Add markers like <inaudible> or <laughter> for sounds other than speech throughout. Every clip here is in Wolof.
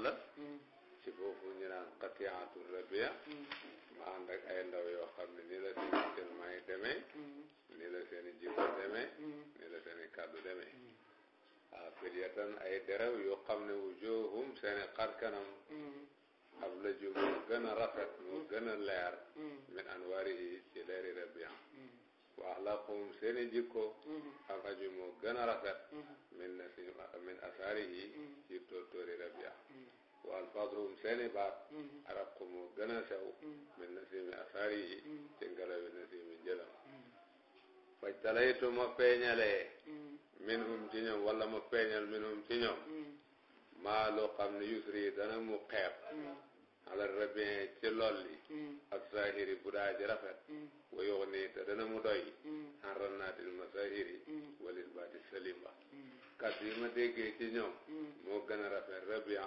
la hmm. ci foofu ñu naan xatiyaatu hmm. ay ndaw yoo xam ne nii la maa ngi demee hmm. nii la seen i jikko derew yoo xam ne wujuhum seen i kanam ab la ju moo gën a rafet moo gën min anwaari yi rabia wax la xum seeni jikko mm-hmm. axaju moo gën a rafet mm-hmm. min na si min asaari yi mm-hmm. ci tóortóori rabia wa alfaaduhum seeni baat araqu moo gën a sew min na si mi asaari yi ci ngelawi na si mi njëlam faj talaytu ma feeñalee min hum ci ñoom wala ma feeñal min hum ci ñoom maa loo xam ne yusri dana mu xeeb alal rabin ci lolli ak zahiri bu daa rafet wa yow te dana mu doy an rannaatil masahiri walil baati salimba kàddu yi ma déggee ci ñoom moo gën a rafet rabia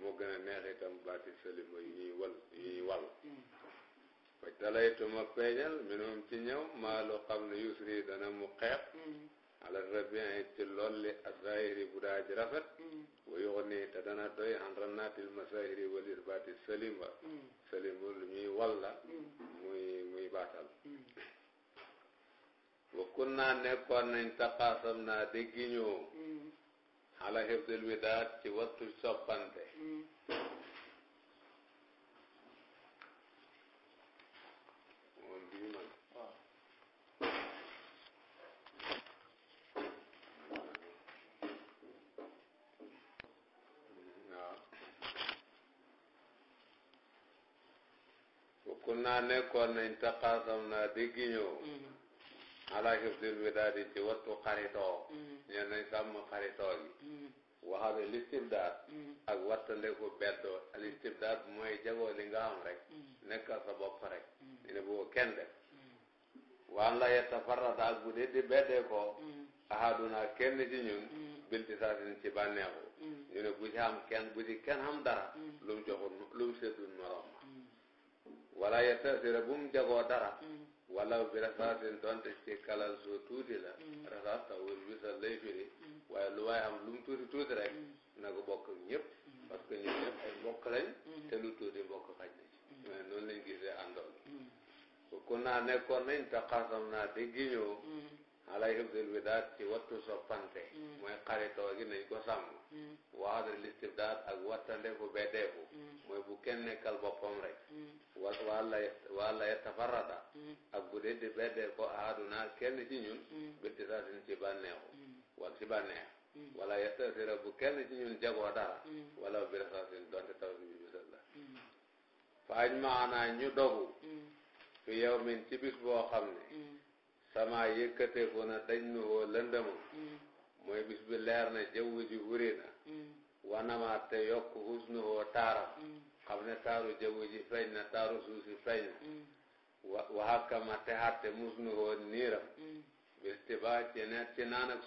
moo gën a neex itam baati salimba yu ñuy wal yu ñuy wal faj talaytuma peeñal minum ci ñëw maa loo xam ne yusri dana mu xeeb ala rabien yi ci lolli azahiri bu daa ji rafet hmm. wa yox nii te dana doy an ranaatil masahiri wal isbaati salim ba hmm. salim ba lu ñuy walla hmm. muy muy baatal <laughs> wa kun naa nekkoon nañ taqaasam naa déggi ñëw ala hibdil widaat ci wattu soppante kun naa nekkoon nañ taqaasam naa déggi ñëw mm-hmm. alaa hifdil widaadi ci wattu xaritoo mm-hmm. ñeen nañ sàmm xaritoo gi mm-hmm. waxabe listibdaad ak wattandeku beddoo listibdaad mooy jagoo li nga am rek nekkal sa bopp rek ñu ne boo kenn waan la yetafarrata ak bu dee di beddee koo kenn ci ñun binti saasin ci bànneexu ñu ne bu ci am kenn bu ci kenn am dara lu mu joxul lu wala a bu mu jagoo dara hmm. wala bi rasaatin donte ci kalal soo tuuti la hmm. rasaas taw wër wisal lay hmm. waaye lu waaye am lu mu tuuti tuuti rek na ko bokk ak parce que ñun ñëpp ay mbokk te lu tuuti mbokk xaj na ci mais noonu lañ gisee àndoon ko ku naa nekkoon nañ te xasam naa déggi ñëw alay hibdil widaat ci wattu soppante mooy xaritoo gi nañ ko sàmm waadal listibdaat ak wattande ku beddeeku mooy bu nekkal boppam rek wa wala wala tafarrada ak bu dee di beddee ko ahaduna kenn ci ñun bitti saatin ci bànneexu wala ci bànneex wala yastasira bu kenn ci ñun jagoo dara wala bi saatin donte taw bi bisal faañ maanaa ñu dogu fi yow min ci bis boo xam ne sama yëkkateeku na dañ nu woo mm. mooy bis bi leer na jaww ji wuri na mm. te yokk husnu woo taaram mm. xam ne taaru jaww ji feeñ na taaru suuf si feeñ na wa te xatte musnu woo niiram istibaax ci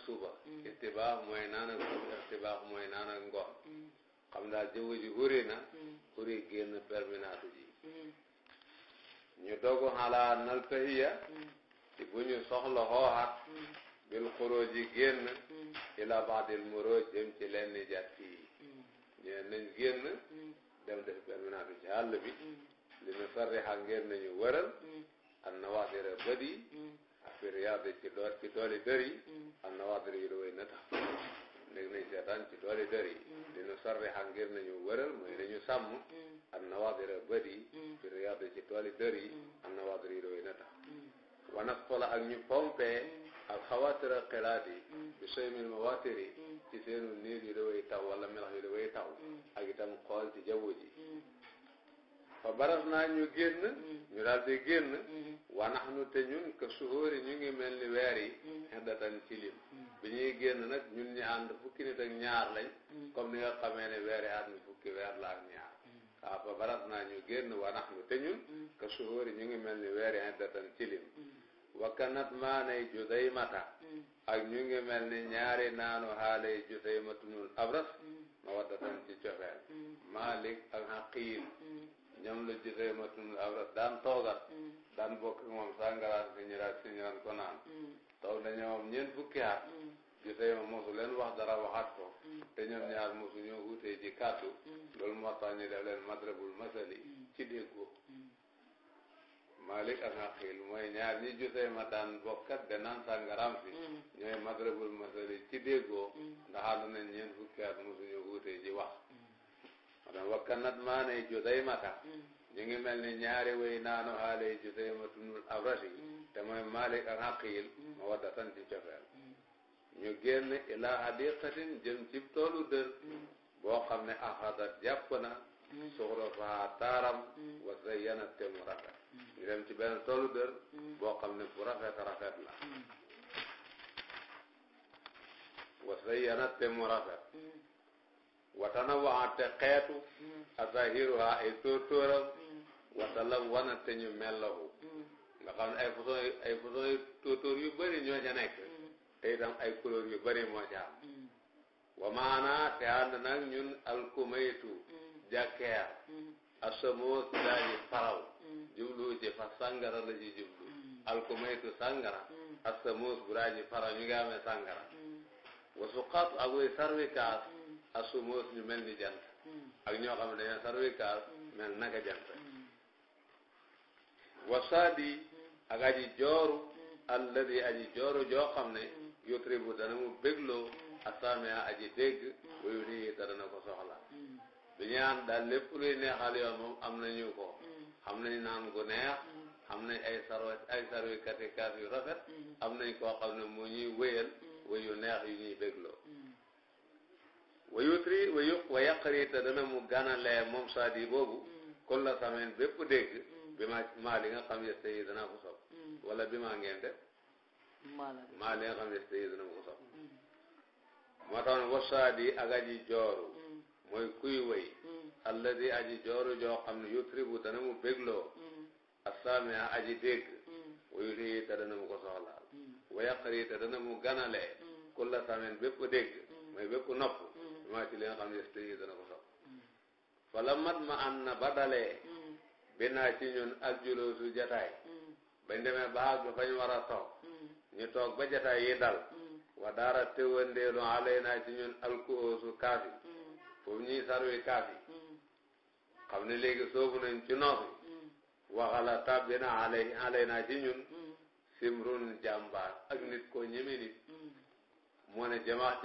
suba istibaax mooy naan ak suba istibaax mooy naan ak ngoon ji na wuri ñu dogu xalaa nal fahiya ci bu ñu soxla xooxat bil xuruji génn ila baadil muruj dem ci lenn jàtt yi ñu nañ génn dem def benn naatu ci bi li nu sarrixa ngeen nañu wëral an nawaadira bët yi affaire yaade ci dool ci dooli dër yi an nawaadira yu la na tax léegi nañ seetaan ci dooli dër yi li nu sarrixa ngeen nañu wëral mooy nañu sàmm an nawaadira bët yi affaire ci dooli dër yi an nawaadira yu la way na tax wana xola ak ñu pompee alxawaatira xelaat yi bi soy mil mawaatir yi ci seenu niir yu daway taw wala melax yu daway taw ak itam xool ci jaww ji fa baras naa ñu génn ñu daal di génn wanax nu te ñun que suhóori ñu ngi mel ni weer yi xeddatan ci lim bi ñuy génn nag ñun ñu ànd fukki nit ak ñaar lañ comme ni nga xamee ne weer yi ànd fukki weer la ak ñaar waaw fa barat naa ñu génn wa naxnu te ñun mm. ka suhóori ngi mel ni weeri heddatan ci lim mm. wakkanat maanay judaymata mm. ak ñu ngi mel ni ñaari naanu xaalay judaymatunul abras mawaddatan ci cofeel malik ak xaqiil ñoom la judaymatunul abras daan toogat daan bokk moom sangaraat fi ñu daan ko naan taw na ñoom ñeent fukki at gisee ma mosu wax dara waxaat ko mm. te ñoom ñaar mosu ñoo wutee ci kàddu mm. loolu moo tax ñu madrabul masali mm. ci déggoo Malik ak Aqil mooy ñaar ñi jusee ma daan bokkat de naan sàngaram si madrabul masali ci déggoo ndax ànd nañ ñeen fukki at mosu ñoo wutee ji wax maanaam wakkanat maa ne jusee ma ngi mel ni ñaari way naanu xaale jusee ma tunul abrasi te mooy Malik ak Aqil ma wadda tan ci ñu génn ilaa hadiqatin jëm ci toolu dër boo xam ne axadat jàpp na suxro faa taaram wa zayyana te mu rafet ñu dem ci benn toolu boo xam ne bu rafet rafet la wa zayyana te mu rafet watana waxante xeetu azahiruha ay tóortóoram watala te ñu mellahu nga ne ay façon ay façon tóortóor yu bëri ñoo ca nekk te itam ay couleur yu bari moo ci mm. wa maana te ànd nag ñun alkumaytu mm. jàkkeer mm. asamoos daa ji faraw jublu ci fa sàngara la ci jublu alkumaytu sàngara asamoos bu daa ji faraw ñu ngi amee sàngara wasu xas ak way sarwi kaas asamoos ñu mel ni jant ak ñoo xam ne dañoo sarwi mel naka jant wasaadi ak aji jooru alladi aji jooru joo xam ne yotribu dana mu bégloo asamea aji dégg wayu nii te dana ko soxla du ñaan daal lépp luy neexal yoon moom am nañu ko xam nañ naan gu neex am nañ ay sarwa ay sarwi kati yu rafet am nañ koo xam ne mu ñuy wéyal wayu neex yu ñuy bégloo wayutri wayu wa yaqri te dana mu ganalee moom saadi boobu kulla samen bépp dégg bi ma maa li nga xam ne yi dana ko sob wala bi maa ngeen def maa li nga xam ne tey ma ko sopp moo jooru mooy kuy wëy alladi aji jooru joo xam ne yutribu dana mu bégloo assaami aji dégg wuyu lii te dana mu ko soxlaal wa yaqri te dana mu ganale kulla samen bépp dégg mooy bépp nopp maa ci li ko sopp fala mat ma an na ba ci ñun ak juloosu jataay bañ demee ba àgg fañ war ñu toog ba jataay yi dal mm. wa daara tëwandeelu alay naa ci ñun alkuoosu kaafi mm. foofu ñuy sarwi kaafi mm. xam ne léegi soobu nañ ci noofi waxala tàbbi na alay alay naa ci ñun simrun jàmbaar ak nit koo ñeme nit moo ne jamaax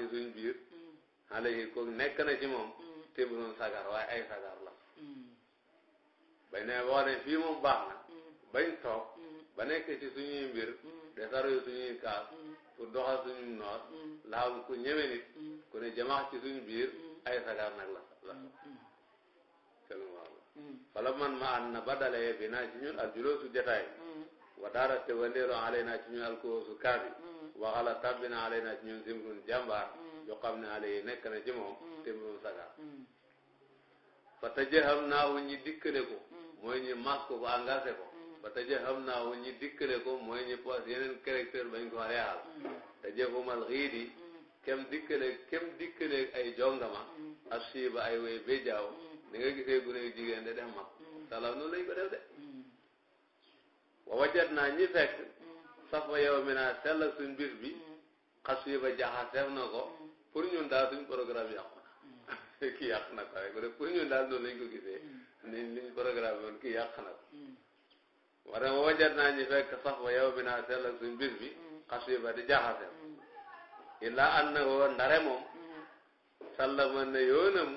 ko nekk ci moom timrun sagar waaye ay sagar la bañ ne wax ne fii baax na bañ toog ba nekk ci suñuy mbir defaru yu suñuy kaas pour mm. doxal suñu noor mm. laam ku ñeme nit mm. ku ne jamaax ci suñu biir ay sagar nag la la seen waaw fala man ma an na ba dalee bi naa ci ñun al juloosu jataay wa daara te wandeelo alay naa ci ñun al koosu kaabi waxala tabbi na alay naa ci ñun simrun jàmbaar yoo xam ne alay nekk na ci moom sagar fa tajaham naa wu ñi dikkale ko mooy ñi mas ko ba engagé ko ba taje xam naa wu ñi dikkale ko mooy ñi poos yeneen caractère bañ ko real taje xumal xiidi kem dikkale kem dikkale ay jongama asiba ay way béjaaw ni nga gisee gune yu jigéen de def mag salaw noonu lañ ko def de wa wajat naa ñi fekk safa yow mi naa sell suñ bis bi xasiba jaxaseef na ko pour ñun daal suñ programme yàqu na <laughs> ki yàq na ko rek ñun daal noonu lañ ko gisee mm. ni liñ programme woon ki yàq na ko mm. moo tax ma wajat naa ñu fekk naa sell ak suñ mbir bi mm-hmm. xasiba di jaxase mm-hmm. illaa annahu ndare moom mm-hmm. sallama na yoonam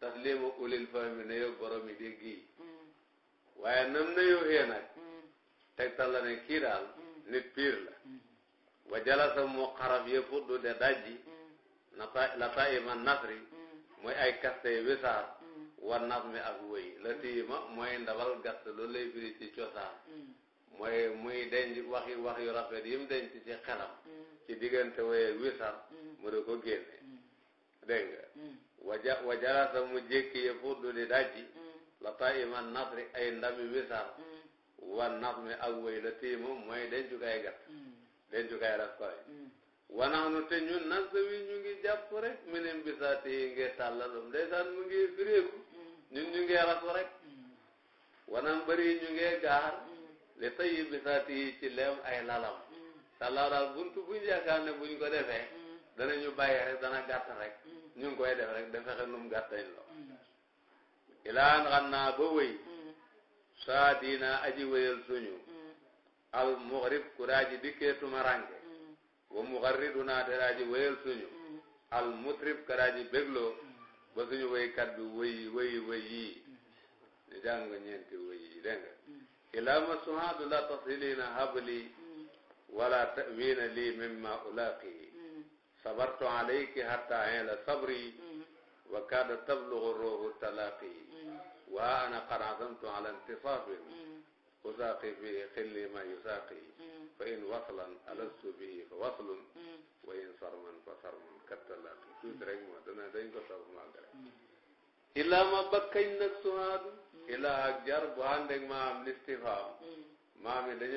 taslima ulil fahmi na yow borom yi dégg yi waaye nam na yooxee nag tegtal la ne kii nit piir la wa jalasa mu xaraf yëpp de dajji la ta iman nasri mooy ay kaste wisaar war nazmi ak wëy la tiima mooy ndabal gàtt loolu lay firi ci cosaan mm. mooy muy denc waxi wax yu rafet yi denc ci xelam mm. ci diggante wëyee wisar mm. mu di ko génne dégg nga waja wajalasa mu jékki ya fuddu di dajji la taima nasri ay ndami wisar war nazmi ak wëy la tiima mooy dencukaay gàtt dencukaay raf koy wanaanu te ñun nag wi ñu ngi jàpp rek minem bisaati yi ngi tàllalum ndeysaan mu ngi firéeku ñun ñu ngee ratu rek hmm. wanam bëri ñu ngee gaar hmm. li tayi bisaati yi ci leem ay lalam sa hmm. law daal buntu buñ yaakaar ne buñ ko defee danañu bàyyi rek dana gàtt rek ñu ngi koy def rek dafa xel num gàttañ lo ilaan xam naa ba wëy saa diina aji wëyal suñu al muxrib ku daa ji dikkee tumaranke wa muxarriduna te daa ji wëyal suñu ba suñu waykat bi wëyi wëyi wëyi ñu jàng ñeenti wëyi dégg nga mm. ilaa ma suhaadu la tasilina habli mm. wala tawina li mimma ulaqi mm. sabartu alayki hatta hela sabri wa kada tablugu ruhu talaqi wa ana qad azamtu ala intisafin usaaqi fihi xilli ma yusaaqi fa in waslan alastu bihi fa waslun wa in sarman fa sarman kattalaaqi tuuti rek moo dana dañ ko soog màggale ilaa ma bakkañ nag suhaadu ilaa ak jar bu ànd listifaam maam lañ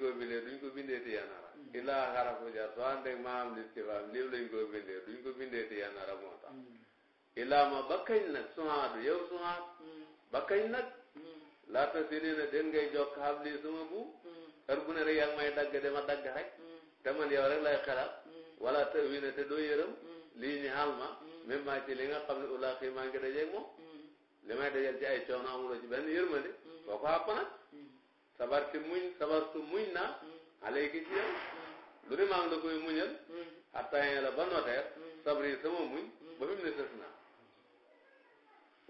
koo bindee duñ ko bindee ti yanara ilaa xarafu jar bu ànd ak listifaam liif ko bindee ti yanara moo tax ilaa ma bakkañ nag suhaadu yow suhaad laata si nee na den ngay jokk xam lii sama bu mm. heure bu ne rek yaa may dagg dama dagg rek mm. te man yow rek lay xalaat mm. wala te wi ne te doo yërëm lii ñu xaal ma ci li nga xam ne ulaa xii maa ngi dajeeg moom li may dajal ci ay coono amuloo ci benn yërmande boo ko àpp nag sabar ci muñ sabar su muñ naa alay ci yow lu ne maa la koy muñal attayen la ba noteer sabar yi sama muñ ba fi mu ne sës naa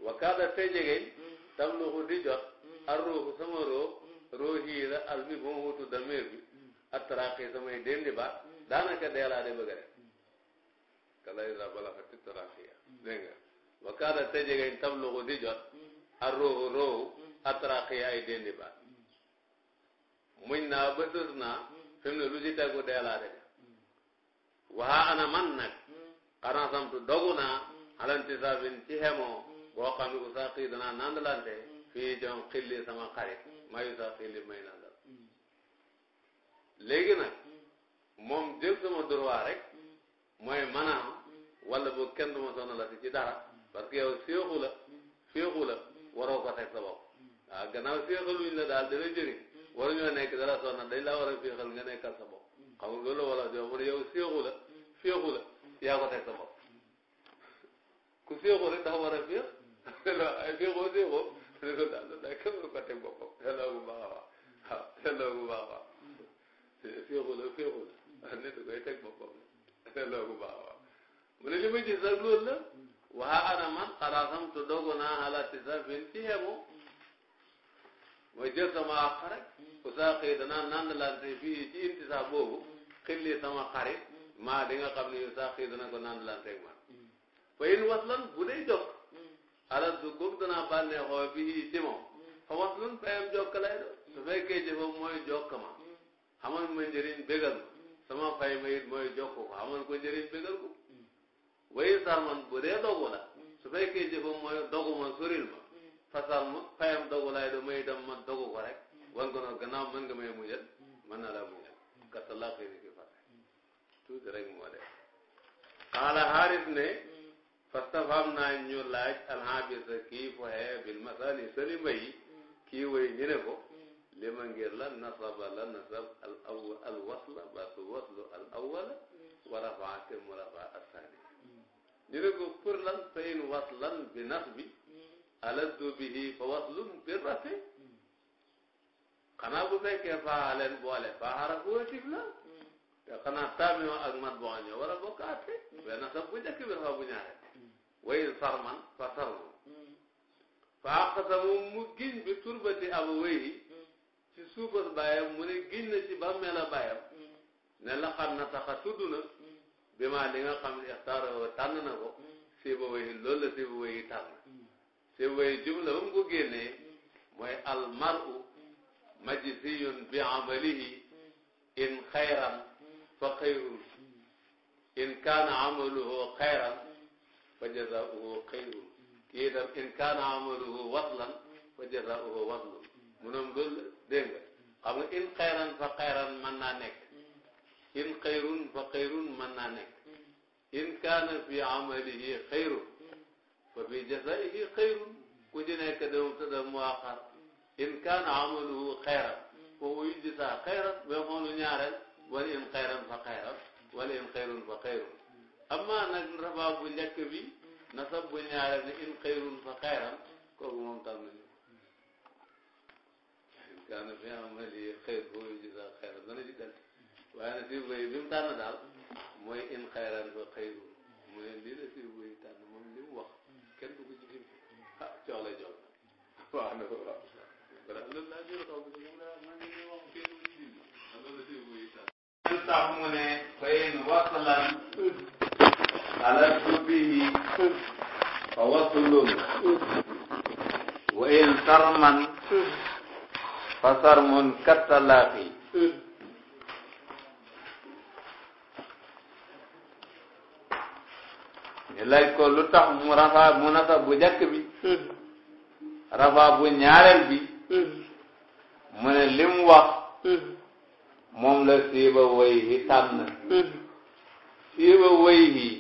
wakaada te jegeñ tam lu di jot ar ruuxu sama ruux ruuxi la al mi wutu damir bi attaraqi samay dendi baat daanaka dee laa de bëgg a kala ida balaxati taraqiya dégg nga wa te jegeñ tabluxu di jot ar ruuxu ruuxu attaraqi ay dendi baat muñ naa ba sës naa fi mu lu ci tegu dee laa de def ana man nag xanaa samtu dogu naa alanti saabin ci xemoo boo xam ne u saaqi danaa nandalante fii jom xilli sama xarit hmm. mayu sax xilli may na dal hmm. léegi nag hmm. moom jël sama droit rek mooy maanaam wala boog kenn du ma sonalati ci dara parce que yow la féexu la war ko teg sa bopp waaw gannaaw la daal dana jëriñ waruñoo nekk dara sonna dañ laa war a féexal nga nekkal sa bopp xam nga loolu wala joo mu ne la féexu la yaa ko teg ku séexu rek dafa war a féex <laughs> ay féexoo séexoo loolu daal loolu daal képp ku ko teg boppam seetloo bu baax a baax waaw seetloo bu baax a baax teg boppam seetloo bu baax a baax mu ne li ma gis nag loolu la waa ana man xaraasam tu dogu naa xalaat sax fi ci xeemu ma jël sama àq rek usaa xëy danaa nandalante fii ci intisaa boobu xilli sama xarit maa di nga xam ne usaa xëy dana ko nandalante ak man fa in waslan bu dee jokk alal du góob danaa bànneexoo bi ci moom fa wax lun payam jokk do su fekkee jëfam mooy jokk ma xamal ma njëriñ bégal sama fay ma it mooy jokk ko xamal ko njëriñ bégal ko wayi salman bu dee dogu la su fekkee jëfam mooy dogu ma soril ma fa salma fayam dogu lay do may dem ma dogu ko rek wan ko nag gannaaw mën nga may mujjal mën na la mujjal katalaqi ni ki fate tuuti rek moo dee xaala xaaris ne fastafhamnaa ñu laaj alxaabisa kii foxee bil masali salima yi kii way ñu ne ko li ma ngir la nasaba la nasab al aw al wasla baatu waslu al awwala wa rafaa te mu rafaa asaani ñu ne ko pour lan fa in waslan bi nasbi aladdu bihi fa waslun bi rafi xanaa bu fekkee faa leen boole faa xarafu watif la te xanaa taamiyoo ak mat boo ñëw war a bokkaate benn nasab bu njëkk bi dafa bu ñaare wayil farman fa sarmu hmm. fa aqsamu mu giñ bi turbati abawayhi hmm. ci suufas mu ne giñ na ci bàmmeel a hmm. ne laqad nataqa na bi maa li nga xam ne ixtaaroo tànn na ko siiba wayi loolu la siiba wayi tànn siiba wayi jumla ba mu mooy almaru majziyun bi amalihi in xayran fa xayrun in kaana amaluhu xayran fa jazaauhu xayrun kii itam in kaana amaluhu waslan fa jazaauhu waslun mu noom loolu dégg nga xam nga in xayran fa xayran mën naa nekk in xayrun fa xayrun mën naa nekk in kaana fi amalihi xayrun fa fi jazaihi xayrun ku ci nekk dama tëdd mu waxar in kaana amaluhu xayran fa huwa yujzaa xayran ba xoonu ñaareel wala in xayran fa xayran wala in xayrun fa xayrun amaa nag raba bu njëkk bi nasab bu ñaare bi in xayrun fa xayran kooku moom tànn ñu kaana fi amali xayr foo yujza fa xayrun mu ne lii la sibu yi tànn moom li wax kenn du ko ci dim ah coox la jox waaw na ko waaw loolu laa jël xaw bi moom wax kenn du ko ci dim loolu la sibu yi tànn tax mu ne fayin xalaatu bihi fa waslun wa in sarman fa sarmun kattalaafi ñu laaj ko lu tax mu rafaa mu nasa bu jàkk bi rafaa bu ñaareel bi mu ne lim wax moom la siiba way hi tànn siiba way hi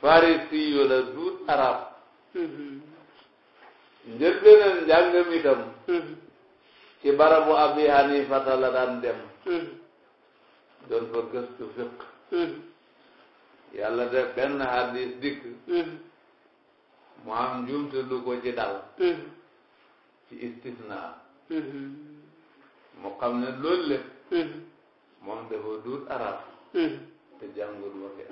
farisi la duut arab njëlbeenam njàngam itam ci barabu abi hanifata la daan dem doon fa gëstu fiq yàlla def benn hadis dikk mu am njuumte lu ko ci dal ci istisna mu xam ne loolu lépp moom dafa duut arab te jàngul waxi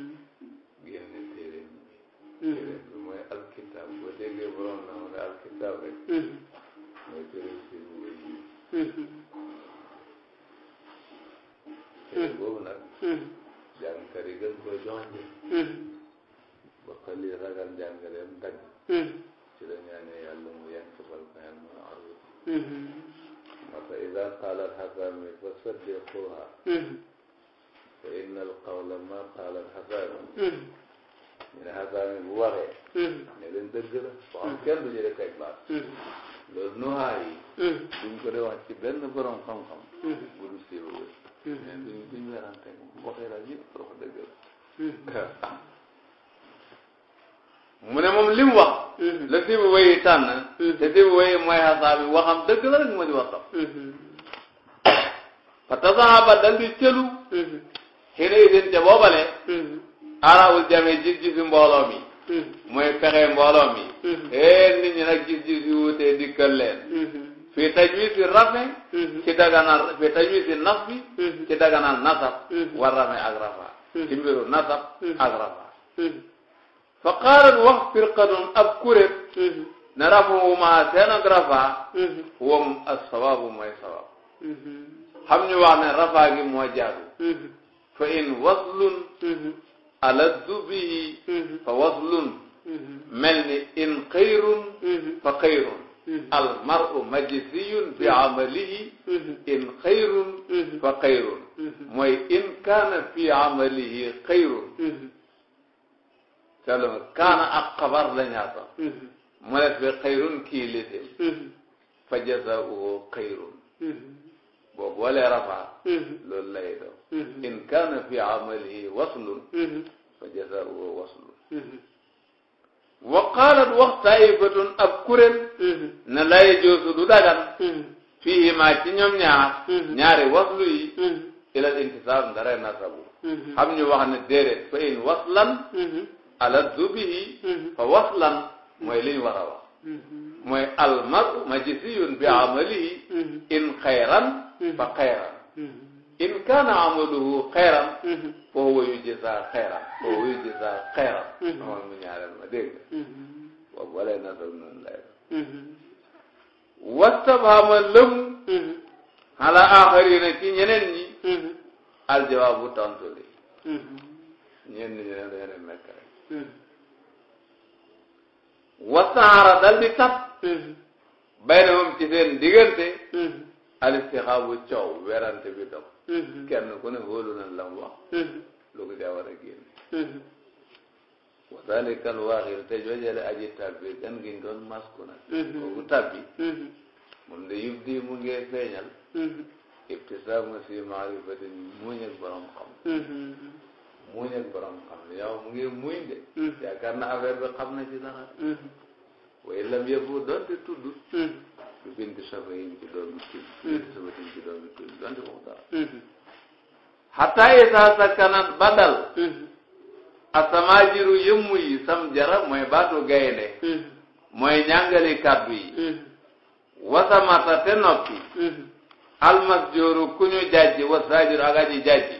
dal di cëlu xëy na itin ca boobale arawul jame gis-gisu mbooloo mi mooy fexe mbooloo mi ee nit ñi nag gis-gis yu wuutee dikkal leen fii ci daganal fii tajwisi nasbi ci daganal nasab war rafe ak rafa ci mbiru nasab ak rafu ma seen ak rafa wam as mooy sawabu xam ñu wax ne rafaa gi moo jaadu mm-hmm. fa in waslun mm-hmm. aladdu bihi mm-hmm. fa waslun mel ni in xayrun fa xayrun almaru majziyun bi amalihi in xayrun fa xayrun mooy in kaana fi amalihi xayrun selon kaana ak xabar la ñaata mu ne fi xayrun kii litim fa jazaauhu xayrun boo boolee rafa mm-hmm. loolu lay doon mm-hmm. in kaana fi amalihi waslun mm-hmm. fa jazaruhu waslun wa qaalat wax taifatun ab kuréel ne lay joosu du dagan fii ma ci ñoom ñaari waslu yi ilal intisaab ndare nasabu xam ñu wax ne déedéet fa in waslan ala zubihi fa waslan mooy li wax mooy almar majziyun bi amalihi mm-hmm. in xayran mm-hmm. fa xayran mm-hmm. in kaana amaluhu xayran fa huwa yujzaa xayran fa huwa yujzaa xayran amoon mu ñaareel ma dégg nga walay na dam noonu lay wastabhama lëm ala axarina ci ñeneen ñi aljawaabu tontu li ñeen ñi ñeneen dañu leen mekk wasaara dal di tas baynahum ci seen diggante al istixaabu coow werante bi dog kenn ku ne hóolu na lam wax lu war a génne wa dalika al waaxir te joojale aji tabbi gan gi ñu masku nag kooku tabbi moom de mu ngee feeñal ibtisaam si maarifatin muñ ak borom xam muñ ak borom xam ne yow mu ngi muñ de mm-hmm. yaakaar na affaire bi xam na ci dara mm-hmm. waaye lam yëfu doonte tudd lu mm-hmm. bindi sofa yiñ ci doon tudd bindi sofa yiñ ci doon tudd doonte wax dara xataa isa sakkanat badal asamaajiru yëmmu yi sam jara mooy baatu gaynde mooy ñàngali kàddu yi wasamata te noppi almasjooru ku ñu jàjji wasaajuru ak aji jàjji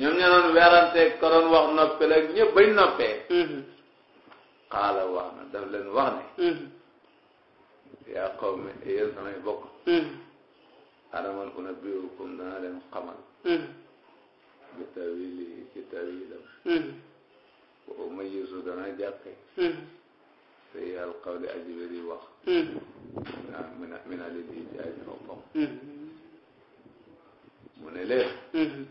ñoom ñoo doon weeranteeg ko doon wax noppel ak ñëpp bañ noppee. xaala mm-hmm. wax na daf leen wax ne. Mm-hmm. yaa qawmi yéen samay bokk. Mm-hmm. alaman unabbi'ukum danaa leen xamal. bi tawili ci tawilam. wa umayyizu danaa jàppee. sayyi al wax. mina mina li di ci aji mu ne leen.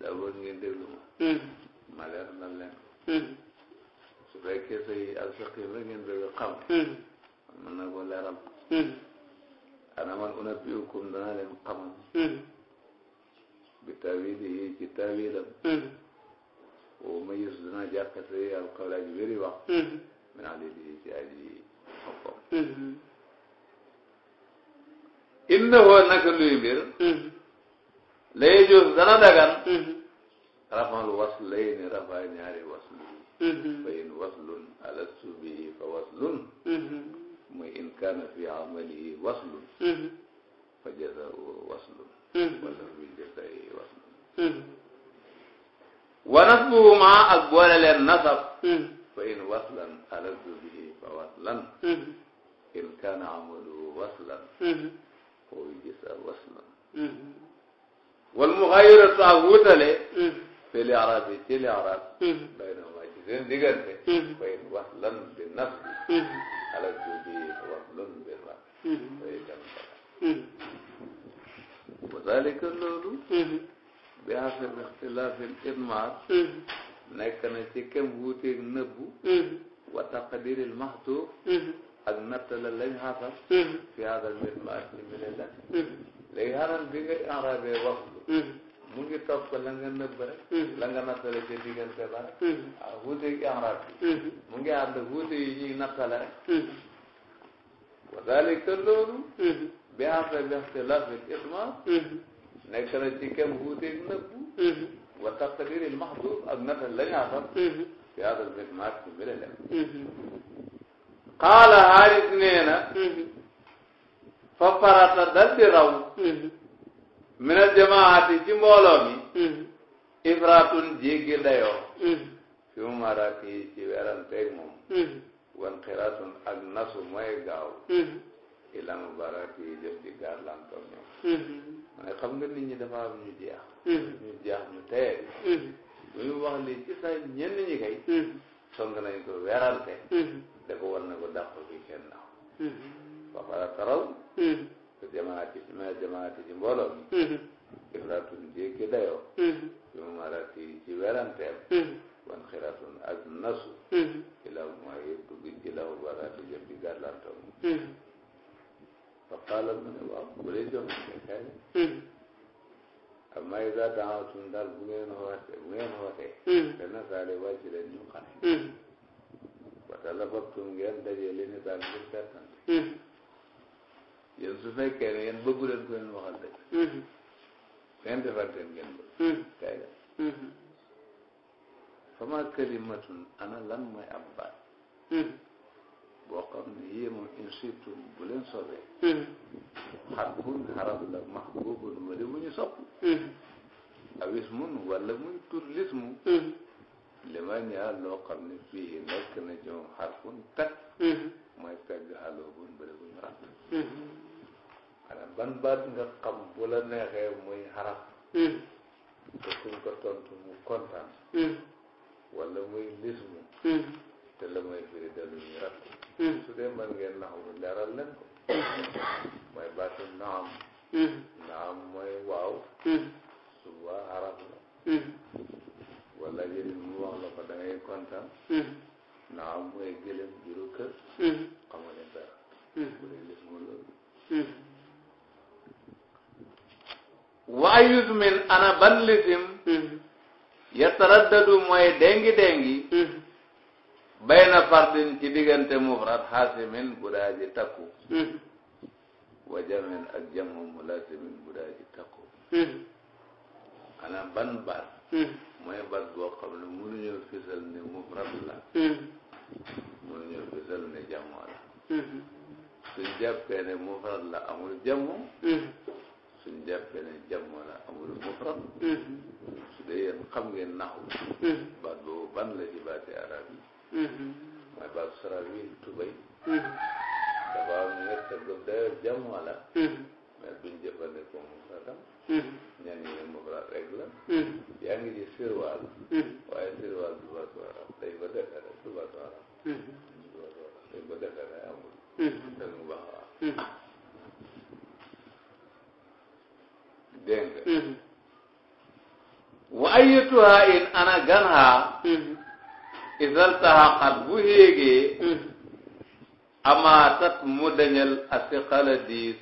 daa bëgg ngeen déglu ma hmm. ma leer na leen hmm. su fekkee sëy ak saqim la ngeen bëgg a xam mën hmm. na ko leeral ana man una biukum dana leen xamal bi tawili yi ci tawilam woo ma yus dana jàkkate alxawla ji wéri wax min alili yi ci aji xoppam inna hoo naka luy mbir lay jus dana dagan mm-hmm. rafan wasl lay ni rafa ñaari waslu mm-hmm. fa in waslun alastu bihi fa waslun muy mm-hmm. in kana fi amalihi waslun fa jazaa'uhu waslun wala fi jazaa'ihi waslun wa nasbuhuma ak boole leen nasab fa in waslan alastu bihi fa waslan in kana amaluhu waslan fa jazaa'uhu waslan wal muxaayiratu ak wutale hmm. fi li arab yi ci li arab doy hmm. na ma ci seen diggante koy wax lan bi naf hmm. bi ala juubi wax lan bi rab koy dem dara wa dalika loolu bi asir ixtilaafil idmaar nekk na ci kem wuuteeg nëbbu wa taqdiril maxtuuf ak nattala lañ xasal fi hadal idmaar ci mbiri la léegi xanaan bi ngay enrabé wax bi mu ngi topp la nga nëbb rek la nga nattale ca diggante ba rek waaw ah, wuute yi enrab bi mu ngi ànd ak wuute yi ñuy nattale rek wa dalika loolu bi asa bi ixtilafil itmam nekk na ci kem wuuteeg nëbbu wa taqdiril maxduuf ak natal la ñaatal fi hadal bitmaat ci mbiri lem qaala xaalis nee na fa farata dal di raw mm-hmm. min al ci mbooloo mi mm-hmm. ifratun jéggi dayoo mm-hmm. fi mu maraki ci weranteeg moom wan xiratun ak nasu mooy gaaw ila mu baraki jëf ci gaar lantoog ñoom ma nga nit ñi dafa am ñu jeex ñu jeex ñu teye bu ñu wax ñi kay song nañ ko werante da ko war na ko dàq bi kenn ba pare taraw. Hmm. te jamaati ma jamaati ci mbooloo mi. Hmm. ifratun jéggi dayoo. Hmm. bi mu marati ci weranteem. wan xiratun nasu. ci law mooy dugg ci law barati jëm ci gàllantam. fa qaala mu ne waaw bu dee jom ne kaay. amma iza daawatun daal bu ngeen wootee bu ngeen wootee. dana saale wàcc leen ñu xane. wa talafaftum ngeen dajale ni daal ngir pertante. yéen su fekkee ne yéen bëggu leen ko mm-hmm. leen waxal dëgg ngeen defar teen ngeen bëgg mm-hmm. kay def mm-hmm. fama kalimatun ana lan mooy ab baat boo xam ne yéen moom insitum bu leen sobee xarfun xaraf la mahbubun wala mu ñu sopp awis mun wala muy tur lismu li ma ñaar loo xam ne fii nekk na ci moom xarfun tag mooy pegg xaloo buñ bëri buñ rab mm-hmm. ban baat nga xam bu neexee muy xaraf mm-hmm. te kuñ ko tontu mu kontaan mm-hmm. wala muy lismu te la mooy firi dellu ñu su dee mën ngeen naxu mu ko mooy baatu naam naam mooy waaw suba xaraf la wala yéen wax la ko da ngay kontaan naaw mooy gëlëm juru kër. xamu min ana ban lisim. yataraddadu mooy dengi dengi. bayna fardin ci diggante mufrad xaasimin bu daa ji takku. wa jamin ak jamu mulasimin bu daa ji takku. ana ban baat. Hmm. mooy baat boo xam ne mënuñoo fisal ne mufrad la hmm. mënuñoo fisal ne jamo la hmm. suñ jàppee ne mufrad la amul jamo suñ jàppee ne jamo la amul mufrad su dee yéen xam ngeen naxu baat boobu ban la ci baati arab mooy baat sarawi tubay dafa am ñett lu dayoo jamo kaana ganha isal taxaqat bu yéegee amaatat mu dañal asiqala diis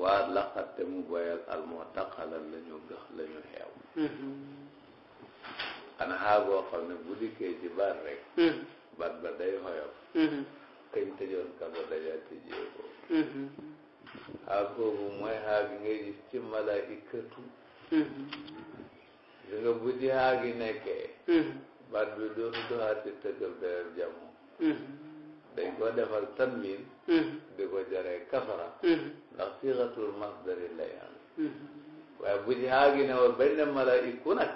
waa laqatte mu boyal al moo taqala la ñu gëx la ñu xeew xana xaa goo xam ne bu dikkee ci baat rek baat ba day xoyof kañ tëjoon kaba dajal ci jéego xaa mooy xaa gi ngay gis ci malaikatu gis nga bu jihaa gi nekkee baat bi dootu doxaati tëggal beneen jamu dañ ko defal tanwin di ko jaree kasara ndax siixatul masdari lay am bu jihaa ne woon bañ mala iku nag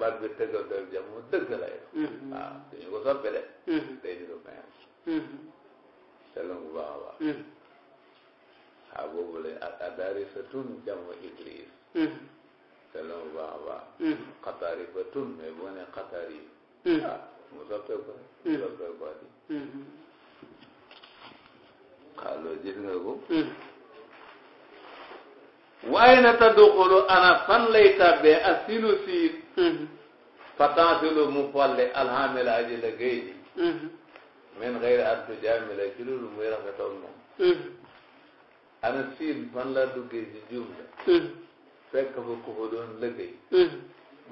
baat bi tëggal jamu dëgg lay waaw dañu ko soppi de day ko mayam selon bu baax a baax xaa boobu tun jamu iblis te la mu baax a baax. xataar hmm. yi ba tun mais boo hmm. ah, mu soppeeku ko rek. Hmm. soppeeku ko rek. xaaloo gis nga ko. mu folle alhamila aji ana siin fan laa duggee fekk fa ku fa doon hmm.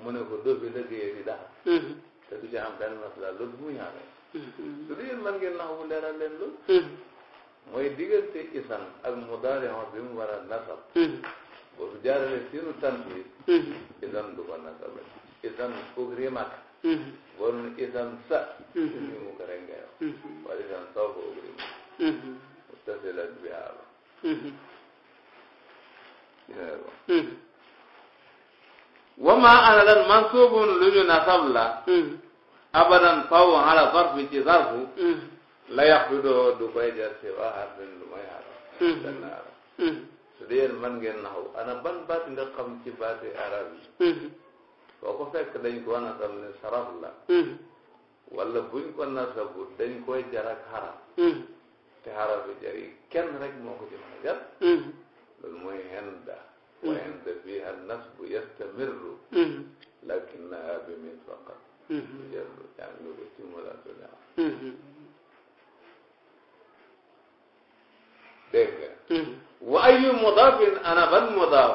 mu ne ko doo fi lëggéeyee di dara hmm. te du ci am benn masla loolu bu ñu amee hmm. su dee man ngeen nax mu leeral leen loolu mooy diggante isan ak mudaari bi mu war a nasab boo su jaarale siinu tanwiin isan du ko nasab isan ugrimaka boo doon isan sa ñu mu ko rek nga yow wala isan soo ko ugrimaka mutasila bi haalo wama ana lan mansubun lu ñu nasab la abadan ala zarfi ci zarfu la yaxdudoo du koy jar si waa harfin lu may arab su dee yéen man ngeen naxaw ana ban baat nga xam ci baati arab yi boo ko fekk dañ ko nasab ne ko nasabu dañ koy jar ak xaraf te xaraf bi ko ci mën a jar loolu mooy henda wa henda fiha nasbu yastamirru lakinnaha bi min faqat jarru jàng ko ci mulaatu naa dégg nga wa ayu mudaafin ana ban mudaaf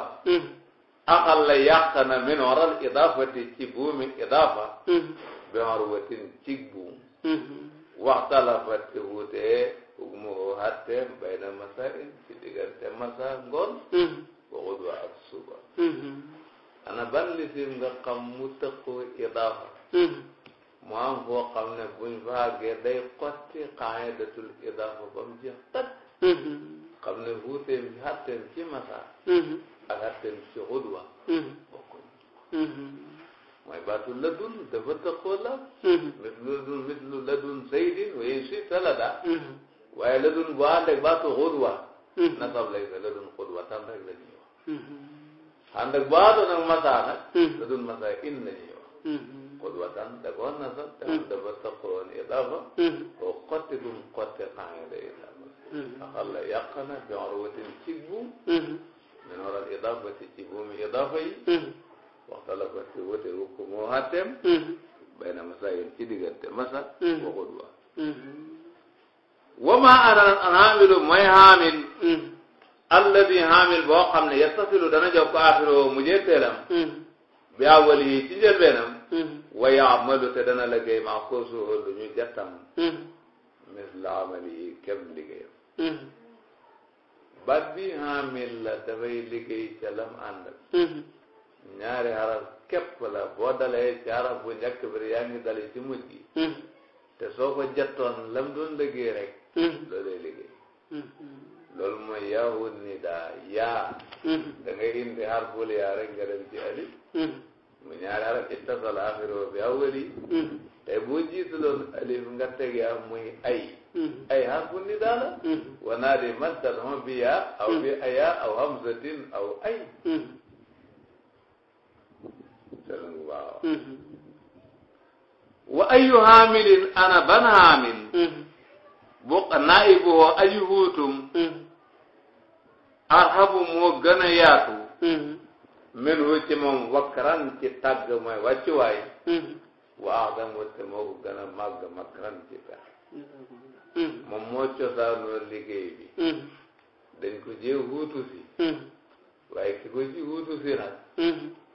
aqalla yàqana min waral idaafati ci buumi idaafa bi orwatin cig buum waxtalafat ci wuutee hukmuhu atteem bayna masaa'in ci diggante masa ngoon wa xudwa suba ana ban lisim nga xam mu tëqu idaafa mu am foo xam ne buñ fa àggee day xotti qaa'idatul idaafa ba mu jeex tag xam ne wuuteem ci atteem ci masa ak atteem ci xudwa bokkuñ mooy baatu ladun dafa tëqoo la mislu ladun zaydin wa in shita lada waaye la dun bu ànd ak baatu xudwa mm-hmm. nasab lay la dun xudwa tan rek la ñuy wax mm-hmm. ànd ak baatu nag masaa nag mm-hmm. la dun masaa in la ñuy wax xudwa tan da ko nasab te dafa saqoon idafa koo xotti dum xotti qaida idafa axalla yàq na bi urwatin ci buum min waral idafati ci buumi idafa yi waxtalafa si wute wukku moo xatteem bayna masaa yi ci diggante masa wa xudwa wama ana alhamilu mooy hamil alladi hamil boo xam ne yastasilu dana jox ko axiroo mu jetteelam bi awal yi ci njëlbeenam wa yaamalu te dana liggéey maa xoosuhu lu ñu jattam misla amal yi kem liggéeyam baat bi hamil la dafay liggéey ca lam ànd ñaari xaraf képp la boo dalee ci xaraf bu njëkk bi yaa ngi dale ci mujj gi te soo ko jattoon lam doon liggéey rek Hmm. loolu lay liggéey hmm. mooy yaawut ni daa yaa hmm. da ngay indi harful yaa rek nga dem ci alif mu ñaari araf ittasal axiroo bi awali tey boo jiitaloon alif nga teg yaa muy ay ay harfu nidaa la wanaa di masdar hom bi yaa aw bi aya aw hamzatin aw ay selngu baaw wa ayu haamilin ana ban haamil bu naibu aji huutum mm-hmm. arhabu moo gën a yaatu mm-hmm. min hu ci moom wakran ci tàgg mooy wàccuwaay mm-hmm. wa adamu te moo ko gën a màgg makran ci pexe moom moo cosaanoo liggéey bi dañ ko jee huutu si waaye ki ko ji huutu si nag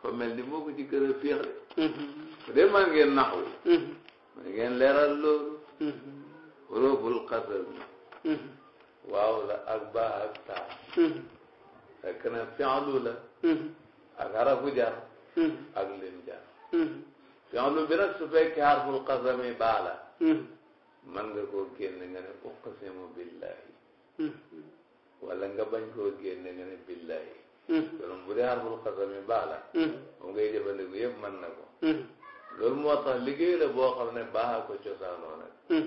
fa mel ni moo ko ci gën a féex de su dee man ngeen naxu man ngeen leeral loolu xuruful qasam hmm. waaw la ak ba ak taa hmm. fekk na fi'lu la hmm. ak harafu jar ak lim jar fi'lu bi nag su fekkee harful qasami baa la man nga koo génne nga ne uqsimu billahi wala nga bañ koo génne nga ne billahi loolu bu dee harful qasami baa la moom ngay jëfandiku yëpp man na ko loolu moo tax liggéey la boo xam ne baaxa ko cosaanoo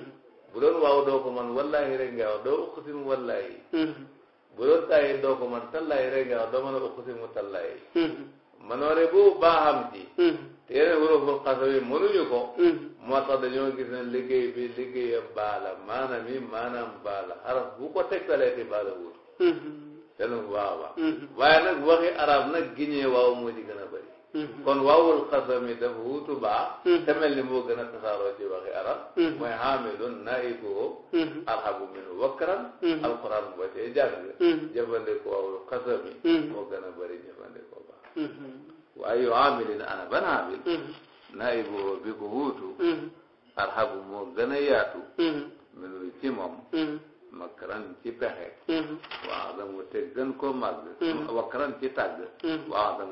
bu doon waaw doo ko man wallaahi rek nga wax doo uqsim wallaahi mm-hmm. bu doon taayi doo ko man tallaahi rek nga wax doo mën a mm-hmm. ji mm-hmm. te yeneen huruful xasam yi mënuñu ko moo tax dañoo gis ne liggéey bi liggéeya baala maanaam yi maanaam baala araf bu ko tegtalee ti baala wut te lu baax a baax waaye nag waxi arab nag giñee waaw moo ci gën a Mm-hmm. kon waawul xasami dafa wutu baa mm-hmm. te mel ni moo gën a tasaaroo ci waxi arab mm-hmm. mooy xaamilun naibuhu arhabu minu wakkaran alquran bu ba cee jàng jëfandikoo waawul xasami moo gën a bëri jëfandikoo baa waaye yu xaamilin ana ban xaamil naibuhu bi ko wuutu arhabu moo gën a yaatu minu ci moom makaran ci pexe waaw da mu ci pexe mm-hmm. waaw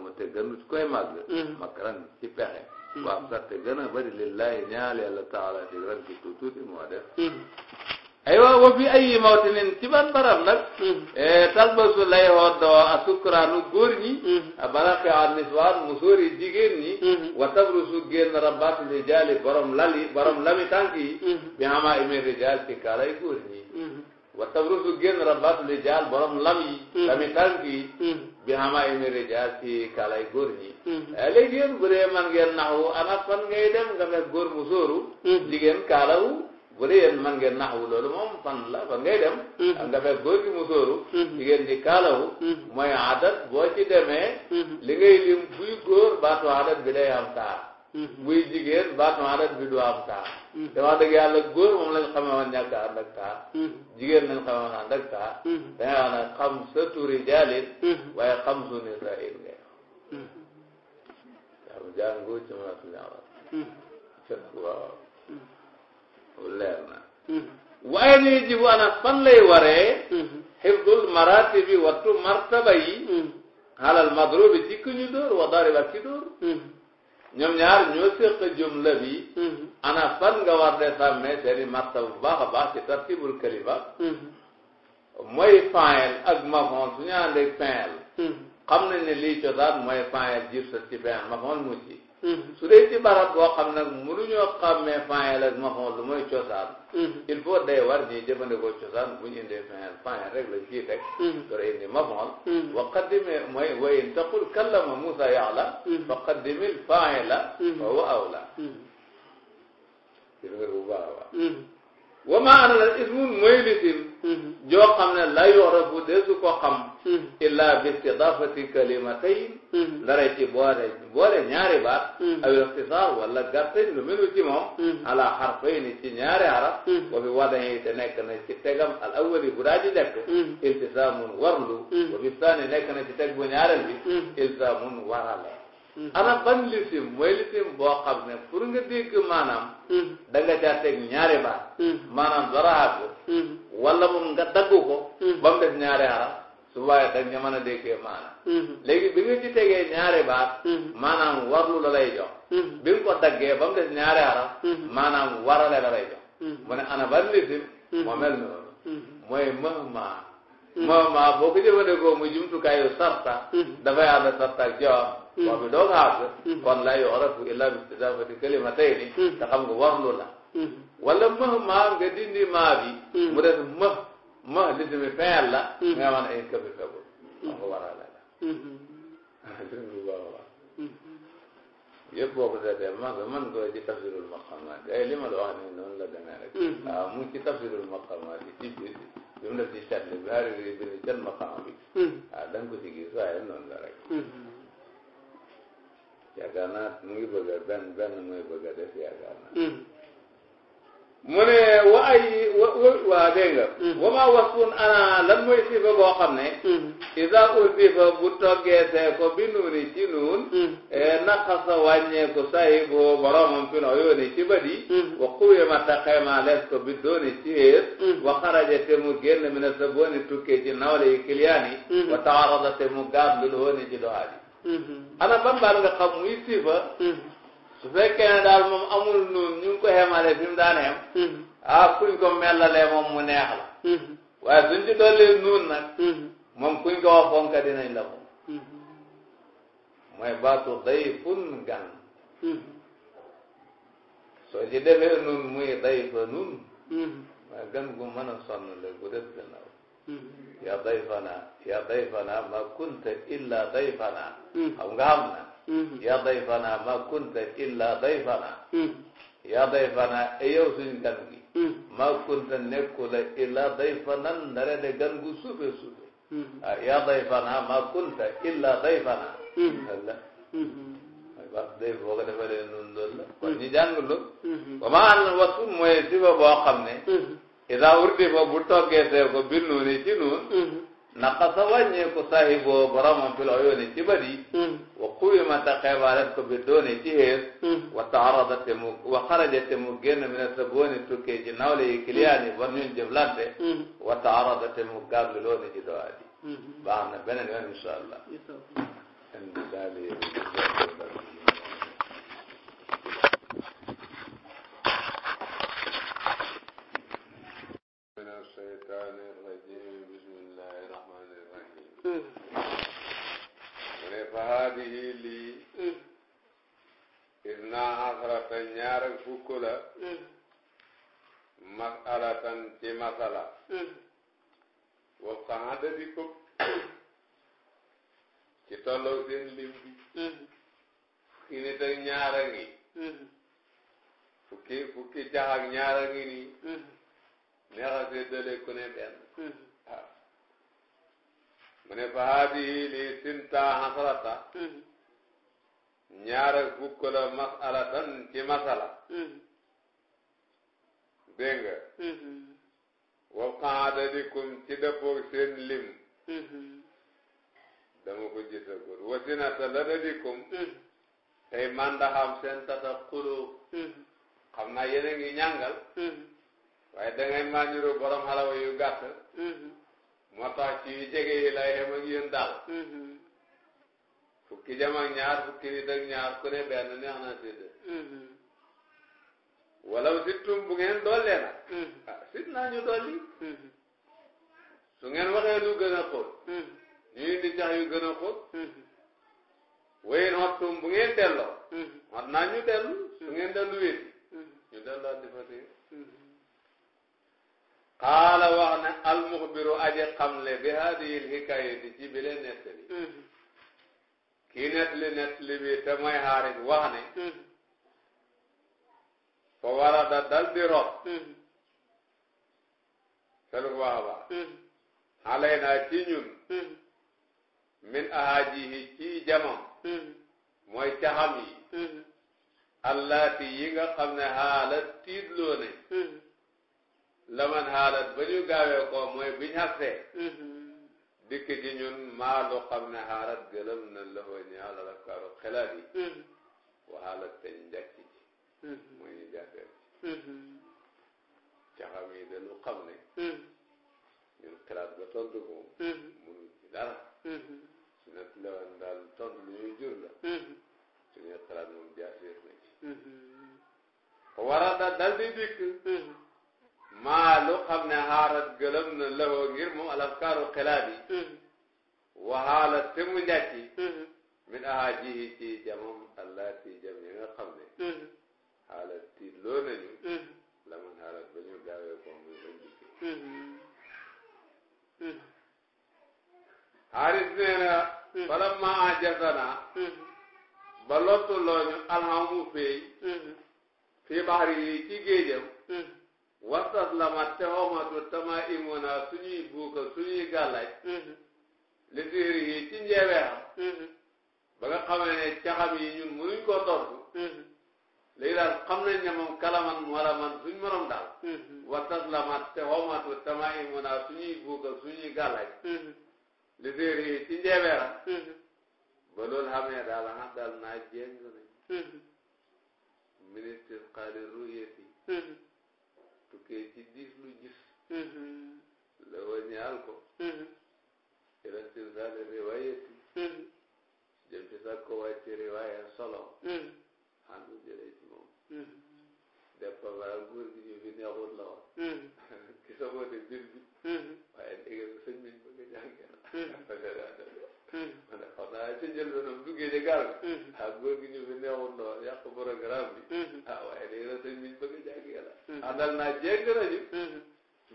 sax te a bari lillahi ñaal yàlla taala ci ran ci tuutuuti moo def mm-hmm. aywa wa fi ayi mawtinin ci mm-hmm. eh, talbasu lay hoddoo asukuraanu góor ñi baraqi an niswaan musóori jigéen ñi wa tabrusu génn rabaatu rijaali borom lali borom lami tànk yi bi ama ime rijaal ci kaalay góor wa tabrusu génn rabaatu rijaal borom lam yi. lami tànk yi. bi xamaa imi rijaal ci kaalay góor ñi. léegi yéen bu dee man ngeen naxwu ana fan ngay dem nga góor mu sóoru. jigéen kaalawu bu dee yéen man ngeen naxwu loolu moom fan la fan ngay dem. nga fekk góor gi mu sóoru. jigéen ji kaalawu. mooy adat boo ci demee. li ngay lim buy góor baatu adat bi day am taar. buy mm-hmm. jigéen baatu adat bi du am mm-hmm. te wax dëgg yàlla góor moom lañ xamee woon ñàkk ànd ak taar mm-hmm. jigéen lañ xamee woon ànd ak taar da nga wax ne xam sa turi jaalit xam su ni sa in ngay wax am jàngu ci ma su ñaawal fekk waaw leer na waaye nii jibu fan lay waree xifdul maratibi wattu martaba yi xalal madrubi ci ku ñu dóor wa ki dóor ñoom ñaar ñoo séq jumla bi mm-hmm. ana fan nga war de sàmmee seeni bu baax a baax ci tartibul kalima mm-hmm. mooy faayel ak mafoon su ñu ànd ak faayel mm-hmm. xam nañ ne lii cosaan mooy faayel jiital ci faayel mafoon mujj Mm-hmm. su dee ci barab boo xam nag mënuñoo xàmmee faayel ak mafoon lu mooy cosaan mm-hmm. il faut day war ñuy jëfandikoo cosaan bu ñu indee faayel faayel rek lañ ciy teg door mm-hmm. a indi mafoon wa qaddime mooy wa in taqul kallama Musa ya'la fa qaddimil faayela fa wa awla wa ma ana la ismun moy lisim joo xam ne la yoxrafu deesu ko xam illa bi istidafati kalimatayn ndare ci boole boole ñaari baat aw ixtisaar wala gàttañ lu melu ci moom ala xarfayni ci ñaari araf wa fi wadayi te nekk na daa ji nekk wa nekk na ci teg bu ñaareel bi iltisaamun boo xam ne pour nga ñaari baat maanaam dara ko ba su bàyyi xel ñu mën a déggee maanaam. léegi bi nga ci tegee ñaari baat. maanaam warlu la lay jox. bi nga ko daggee ba mu des ñaari araf. a warale la lay jox. mu ne ana ban lisim. moo mel noonu. mooy mahma. mahma boo ko jëfandikoo mu jumtukaayu sarta. dafay ànd sarta ak jawab. wax bi doo ko àgg. kon laa yu'rafu illaa bi istidaafati kalimatayni. te xam nga warlu la. wala mahma nga dindi maa bi. mu des mah. muhdis bi feeñal la. nga mën a ay këbu këbu. wax ko waral la. yëpp boo ko seetee man man ko ci tafsirul maqamat ay li ma la wax nii la demee rek. a mu ci tafsirul maqamat yi ci biir bi mu def ci cat bi baari bi ni cat maqam bi. waaw da nga ko ci gis waaye noonu la rek. yaakaar naa mu ngi bëgg a benn benn muy bëgg def yaakaar naa. mu ne wa ay wa waa dégg nga. Mm. wa ma wasfun ana lan mooy sifa boo xam ne. Mm. isa u sifa bu toggee see ko bi nuuni ci nuun. Mm. E naqasa wàññeeku say bu boromam fi noo yooni ci badi. wa xuwee ma taqee ma lees ko bi dooni ci wa xaraja te mu génn mi ne tukkee ci nawle yi kiliyaan wa taarada te mu gaab lu hooni ci doxaat yi. Mm-hmm. ana ban baal xam muy sifa. su fekkee daal moom amul nuun ñu ngi ko xemale fi mu daan xem hmm. ah kuñ ko mellalee moom mu neex la hmm. waaye suñ ci dollee nuun nag hmm. moom kuñ ko wax fonka dinañ la ko mooy baatu dayfun gan soo ci defee nuun muy dayfa nuun mooy gan gu mën a sonn la gu def gannaaw ya dayfana ya dayfana ma kunta illa dayfana xam nga xam na Mm-hmm. ya dayfana ma kunta illa dayfana mm-hmm. ya dayfana e yow suñu gan gi mm-hmm. ma kunta nekkula illa dayfanan ndare de gan gu suufe suufe ah, ya dayfana ma kunta illa dayfana alla waaw dayf boo ko defalee noonu loolu la kon ñu jàng lu ba ma àll wasu mooy sifa boo xam ne ida urdi fa bu toggee see ko binnuuni ci nuun naqasa wàññeeku saahibu boromam fil uyuuni ci bët hmm. yi. wa qulima te xeebaaleen ko bi doone ci xeer. wa hmm. taarada te mu wa xaraja hmm. te mu génn mina sabooni tukkee ci nawle yi kiliyaan yi war ñuy jëflante. wa taarada te mu gàddu loone ci dowaat yi. baax na beneen yoon incha allah. te ñaar ak fukk la mm. masalatan ci masala mm. wax ka adadi ko ci tolloo seen lim bi fukki mm. nit ak ñaar a ngi fukki fukki jax ak ñaar a ngi nii neex a séddale ku ne benn waaw ah. mu ne fa haadihi li sinta ñaara gukk la masala tan ci masala hmm. dégg nga hmm. wa qaadadikum ci dëppoog seen lim hmm. dama ko gisagul wasinata ladadikum tey mandaxam seen tata xulóo xam naa yéen a ngi ñàngal waaye da ngay màndiru borom xalawa yu gàtt moo tax ci jege yi lay xem ak fukki jam ak ñaar fukki nit ku ne benn neex na sédd walaw sittum bu ngeen dollee na ah sit naa ñu dolli su ngeen waxee lu gën a xóot ñu indi cax yu gën a xóot wayin xottum bu ngeen delloo xot naa ñu dellu su ngeen dellu wéeti ñu delloo di fa téye xaala wax ne almuxbiru aje xamle bi haadihi lxikaayati ci bi leen nettali kii nettali nettali bi te mooy xaarit wax ne fa wara da dal di rot selu ko baax naa ci ñun min ahaajihi ci jamam mooy caxam yi allaati yi nga xam ne xaalat tiitloo ne laman xaalat ba ñu gaawee ko mooy biñ xasee dikk ji ñun maa lu xam ne xaarat gëlëm na lëxoo ñaal alakaaru xelaat yi mm-hmm. waxaala teñ njàkki ji mooy mm-hmm. ñu jàppee mm-hmm. caxam yi de lu xam ne ñun xelaat ba tontu ko mënu ci dara su ne lewan daal tontu lu ñuy jur la suñuy xelaat moom jaafees na ci warada dal di dikk maa lu xam ne xaarat gëlëm na lëxoo ngir moom alafkaaru xelaat yi mm-hmm. waxaala te mu ñàkki mm-hmm. min aha jihi ci jamam allah ci jam yi nga xam ne xaala mm-hmm. tiit loo nañu la man xaarat ba ñu gaawee ko muy bañ dikki xaaris nee na bala ma ajasana ba lottu looñu alhamu feey fii baxari yi ci géejam wastaslamat te omatu tama imuna suñuy buuka suñuy gàllaj mhm. li siir yi ci njeeweexam mhm. ba nga xamee ne caxam yi ñun mënuñ koo tortu mhm. léegi daal xam nañ ne moom kalaman wala man suñ morom daal wastaslamat te omatu tama imuna suñuy buuka suñuy gàllaj li siir yi ci njeeweexam ba loolu xamee daal a daal naa jéng nañ ministre xaali ruyeti tukkee ci diis lu gis mm-hmm. la ko mm-hmm. ila stilsali riwayati mm-hmm. jëm ci sax ko wàcc riwaya solom moom def ko waral góor gi ñu fi neexul la woon ki sabote bir bi waaye dégg nga sëñ <laughs> ma ne xam naa ca jël benn duggee ci gaal bi ah góor gi ñu fi neexul noonu yàq programme bi ah waaye léegi nag sëñ bi ñu bëgg a jàngee la ah dal naa jégg nañu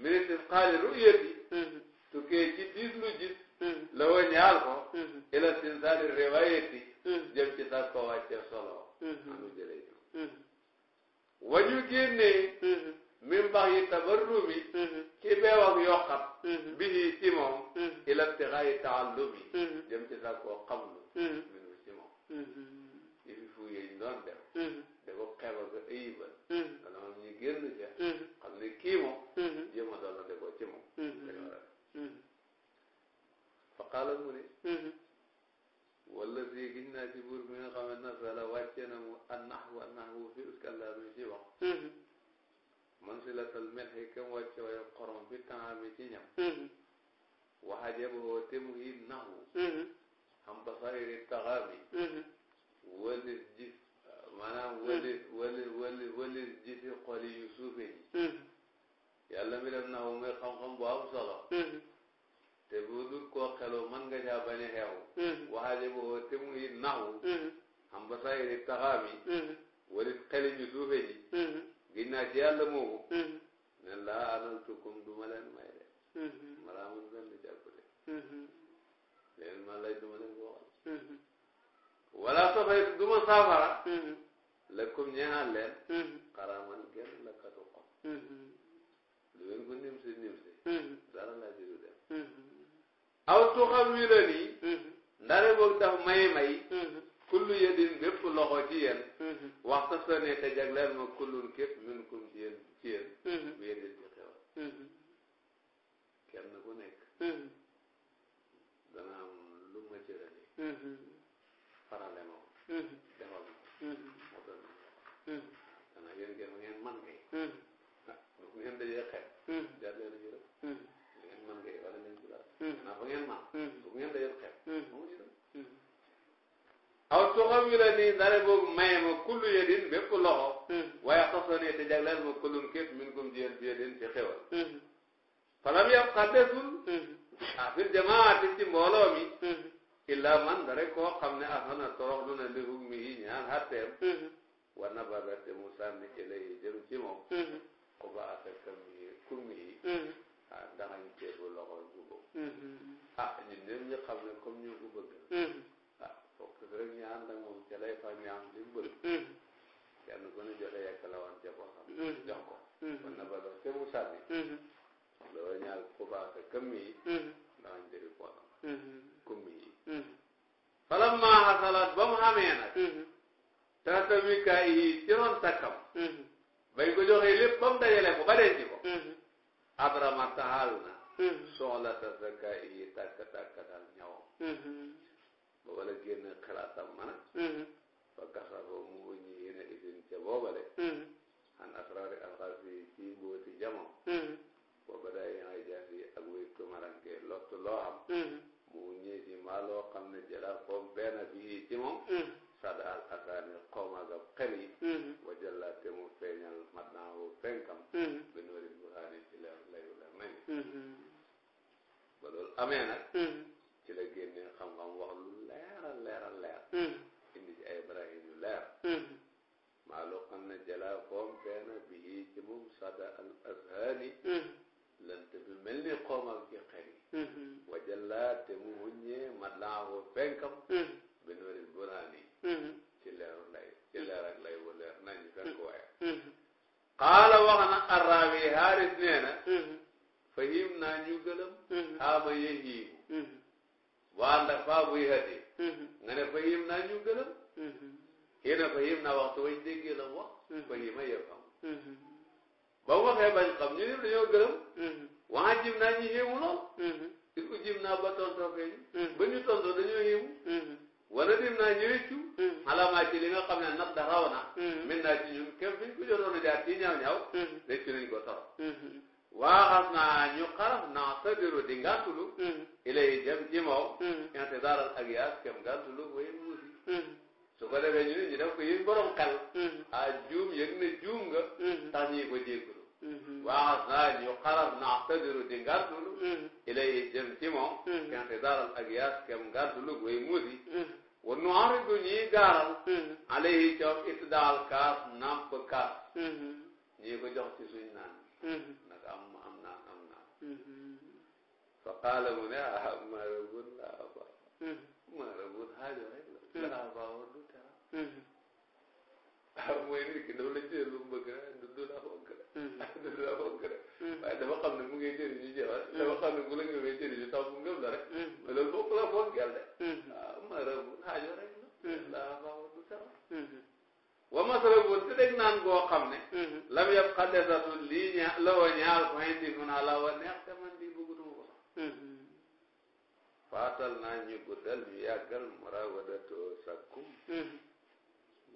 minute xaali ruyet yi tukkee ci diis lu gis mm-hmm. la wa ñaal ko mm-hmm. ila sinsaani riwayet yi mm-hmm. jëm ci sàkk ko wàccee solo anu jëlee wañu génnee min bax yi tabarrumi mm-hmm. mm-hmm. ci beewam yokkat bihi ila btixaayi taallumi mm-hmm. jëm ci sa koo xamlu minu ci moom yi fi fu yeñ doon def da ko xeeba ko ayibal dana moom ñu génn ca xam ne kii moom a fa qaala mu ne ne nasala an naxwa naxwu fi uskallaa mi ci wax wasilatal melxi kam wàccooyo xorom bi temps mi ci ñam mm-hmm. waxajaboo te mu yi naxu xam mm-hmm. basariri taxaami mm-hmm. walis gis maanaam walis walis walis walis gisi xoli yu suufe ji yàlla mi def naxu muy xam-xam bu am te bu dul koo xeloo man nga caa bañ a xew waxajaboo te mu yi naxu xam basariri taxaami walis xeli ñu suufe ji ginnaaw ci yàlla moomu mm-hmm. ne laa alaltukum du ma leen may de mm-hmm. maraamun benn jàpp de mm-hmm. leen ma lay du ma leen wala tafay du ma lakum ñeexal leen xaraaman genn lakkatu xol lu ngeen ko nim si ji du aw tuxam wi la nii ndare boog kullu yedin bépp loxo ci yéen mm-hmm. waxta soni te jagleel ma kullun képp minkum ci yéen ci yéen mm-hmm. bu yedin ci xewal kenn ku nekk mm-hmm. dana am lu ma cërali farale ma ko defal ma ko moo doon dana yéen ngeen ngeen man ngay bu ngeen dajee xel jar leen yërëm ngeen man ngay wala ngeen julaat xanaa bu ngeen man bu ngeen dajee xel ko xam yu la nii dara boobu maye ma kullu yedin bépp loxo. Hmm. waaye xasoo ne te jagleel ma kullum képp min kum jiyeen bi yedin ci xewal. Hmm. falam yab xaddesul. Hmm. ah fil jamaati ci mbooloo mi. illa man dara koo xam ne ahana torox lu na li hukmi yi ñaan xatteem. war na ba berte mu sànni ilay jëm ci moom. ko ba affaire kam yi kum yi. ah danañ teegu loxo jubóo. ah ñun ñëpp ñu xam ne comme ñu ko bëgg. bëgg rek ñu ànd ak moom ca lay far ñu am li mu bëgg kenn ku ne joxe yekk la woon ca boo xam mm-hmm. jox ko mm-hmm. kon na ba doon te mu sànni mm-hmm. loolu ñaar ku baax këmm yi daañ jëri poosam këmm yi falamma xasalat ba mu xamee nag taxta mi kaay yi ci roon takkam bañ ko joxee lépp ba mu dajale ko ba denc ko abrama taxal na soxla ta sa kaay yi tàkk tàkkatal ñawam ba wala génne xalaatam mana fa mm-hmm. kasaroo mu wëññi yéene isin ca boobale mm-hmm. an asraari alxaasi ci mbóoti jamo wa mm-hmm. badaa yi ngay jaasi ak wéy tumaranke lottu loo am mu wëññee ci maa loo xam ne jëla koom benn bii ci moom sada al asaani xoom ak ab xel yi wa jëllaate mu feeñal mat naa wu fenkam bi noori burhaani ci leer layu la nañ ba loolu amee nag ci la génne xam-xam wax lu leeral leer hmm. indi ay brahim yu leer hmm. maa loo xam ne jalaa koom peena bi yii ci moom sada al azhaani hmm. lënt bi mel ni xoomal ci xer yi wajallaa te mu huññee matlaahu fenkam bi noorin buraani ci leeru lay leer ak lay bu leer nañ fenk waaye xaala wax na arraawi haaris nee na fahim naa ñu gëlëm xaama yehiibu waa ndax faa buy nga ne fahim naa ñu gëlëm na waxtu wañ déggee la wax fahim a yëfam ba mu waxee bañ xam ñu ñëpp dañoo gëlëm waa jim naa ñu lool il jim naa ba tontoo feeñ ba ñu tontoo dañoo xéemu wala dim naa ñu wéccu xalaamaa ci li nga xam ne nag da na min naa ci ñun képp fi ñu ko jotoon a jaar ci ñaaw ñaaw réccu waa xam naa ñu xaraf naa sabiru di ngàntulu ilay jëm ci moom intidaaral ak yaas kem ngàntulu way muusi su ko defee ñu ne ñu def ko yéen borom xel a juum yëg na juum nga tax ñii ko jéggulu waa xam naa ñu xaraf naa sabiru di ngàntulu ilay jëm ci moom intidaaral ak yaas kem ngàntulu way muusi wa nu aridu ñii gaaral alayhi coom itdaal kaas namp kaas ñii ko jox ci suñ naan fa qaala mu ne ah maarabun laa abaa maarabun xaajo rek la laa abaa war du tera ah mooy nit ki dafa la jël mu bëgg rek du du laa fonk rek du laa fonk rek waaye dafa mu ngi jëriñu jabar dafa xam ne bu la ngeen jëriñu taw bu ngëm la rek mais loolu bokk la fonkeel de ah maarabun xaajo rek la laa abaa di mun a la wa neex Mm-hmm. faatal naa ñu guddal ñu yàggal murawadatoo sakkum mm-hmm.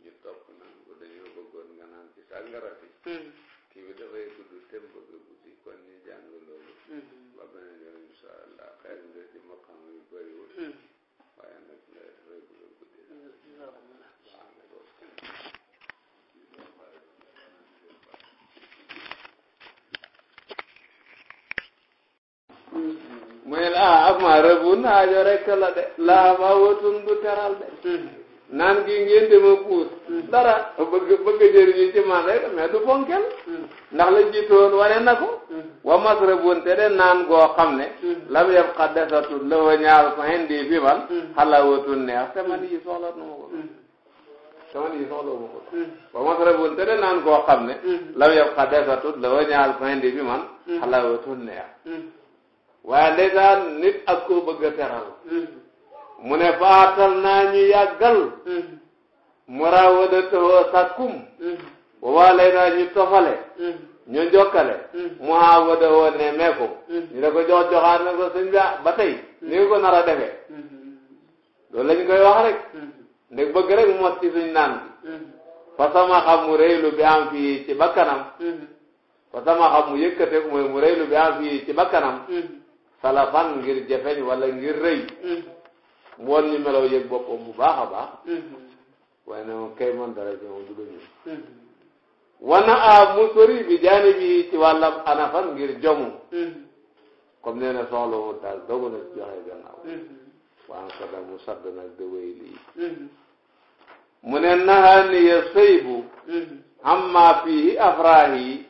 ñu topp naan ko dañoo bëggoon nga naan ci sàngara bi mm-hmm. kii bi dafay gudd tem bëgg guddi kon ñu jàng loolu ba beneen yoon insha allah un haajo rekk de laa ma watun du teral de hmm. naan gi ngeen ma puus hmm. dara bëgg bëgg jëriñu ci man rek mais du fonkel hmm. ndax la jiitoon wane na ko wa masrabun te de naan goo xam ne lam yeb xa desatul la wa ñaar ko indi fi man xalawatun neex te man yi soxla nu ma ko sama ni soxla wu ko wa masrabun te de naan goo xam ne lam yeb xa desatul la wa ñaar ko indi fi man xalawatun neex waaye ndeysaan nit ak koo bëgg a mm. mu ne faatal naa ñu yàggal mm. murawadatahoo sàkkum mm. waale naa ñu tofale ñu njokkale muhawadatahoo nemmeeku ñu ne ko jox joxaat na ko sëñ bi ba tey ni nga ko nar a defee loolu lañ koy wax rek ndeg bëgg rek mos ci suñ naan bi fa sama xam mu am fii ci bakkanam fa sama xam mu yëkkate mooy mu rëylu bi am fii ci bakkanam salafan ngir jafeñ wala ngir rëy mm-hmm. mu woon ñu melaw yëg boppam bu baax a baax mm-hmm. waaye dara ci moom du doñu mm-hmm. wana a mu bi jaani bi anafan ngir jomu comme nee na soxla wu daal dogu na ci joxe gannaaw waan sada mu sadd nag di wéy lii mu ne nahaniya sëybu amma afrahi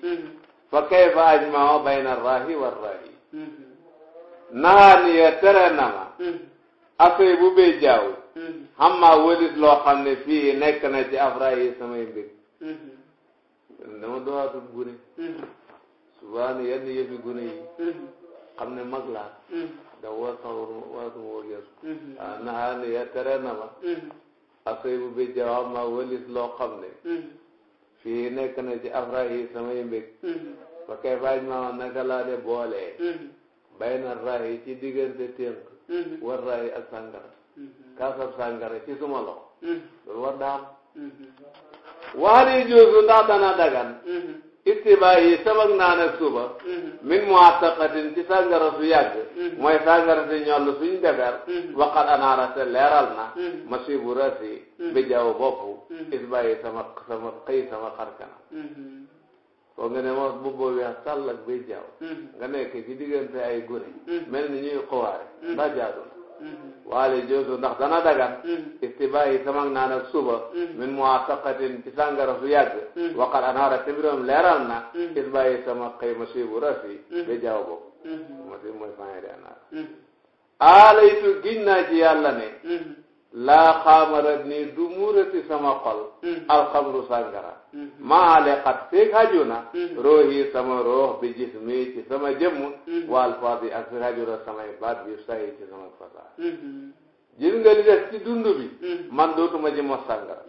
fa kayfa ajmaa bayna arrahi warrahi naxaaniya tere na ma hmm. bu bay jaaw xam hmm. maa loo xam ne fii nekk na ci afra yi samay mbir hmm. dama doxatul gune subaani yenn yëfi gune yi xam ne mag laa da war sax waatuma woo gees ah tere na ma bu bay jaaw xam maa loo xam ne fi nekk na ci afra yi samay mbir ba kay faaj maa naka laa de bayna raay ci diggante ténk mm-hmm. war raay ak sàngara mm-hmm. kaasab sàngara ci suma loxo mm-hmm. war daam waxali joosu ndax dana dagan ittibaa yi sabag naan suba min muattaqatin ci sàngara su yàgg mooy sàngara si ñoll suñ beber waqat anaara te leeral na masibu rasi bi jaw boppu itbaa yi sama sama xëy sama foog nga ne ma bu boobu weex tàll ak bay jaaw mm-hmm. nga nekk ci diggante ay gune mm-hmm. mel ni ñuy xuwaare ndax mm-hmm. jaadu na waale joosu ndax dana dagan istibaayi samag naan ak suba min muataqatin ci sàngara su yàgg waqat anaara te mbiram leeral na istibaayi sama xëy ma suy bu rasi bay jaaw boobu ma si mooy fane de anaara aalaytu giñ naa ci yàlla ne la xaamarat nii du muurati sama xol mm-hmm. alxamru sàngara mm-hmm. maa leqat feeg hajuna mm-hmm. roohi sama roox bi gis mii ci sama jëmm waal faat yi ak feeg hajuna samay baat bi sayi ci sama fasaa gis li des ci dund bi man dootuma ji mos sàngara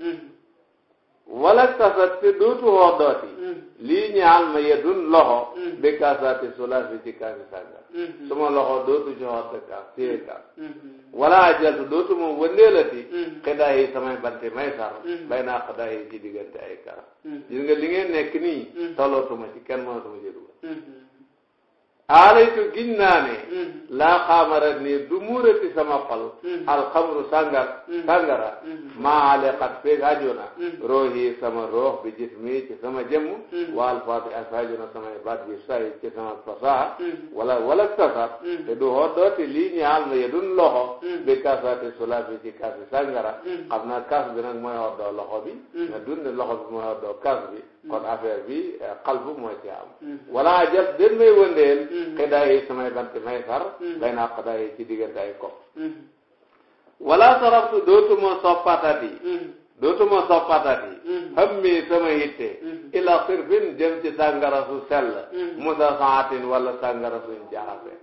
wala tasat te dootu woo dooti mm. lii ñaal ma yedun loxo mm. bi kaasaati sulaas bi ci kaasi sànga mm -hmm. su ma loxo dootu ci xotta kaas téye kaas -hmm. wala ajaltu dootu moom wëndeelati -hmm. xidaa yi samay banti may sar bay naa xidaa yi ci diggante ay kaas gis nga li ngeen nekk nii ci kenn ma ci dugal alaytu giñ naa ne hmm. laa xaamarat nii du muurati sama xol hmm. alxamru sàngar hmm. sàngara maa aleqat feeg ajuna roohi sama roox bi gis ci sama jëmm waal faati ak ajuna samay baat bi sayi ci sama fasaha wala wala tasar te du hoddooti lii ñaal na yedun loxo bi kasaati sula bi ci kaasi sàngara xam naa kaas bi nag mooy hoddoo loxo bi na dunne loxo bi mooy hoddoo kaas bi kon mm-hmm. affaire bi euh, qalbu moo ci am. Mm-hmm. wala jël den may wëndeel. Mm-hmm. xidaa yi samay bant may far. bay naa xidaa yi ci diggante kopp. wala saraftu dootuma soppatati. dootuma soppatati. xam mi sama ila sirfin jëm ci sàngara su sell. musa saatin wala sàngara suñ jaxase.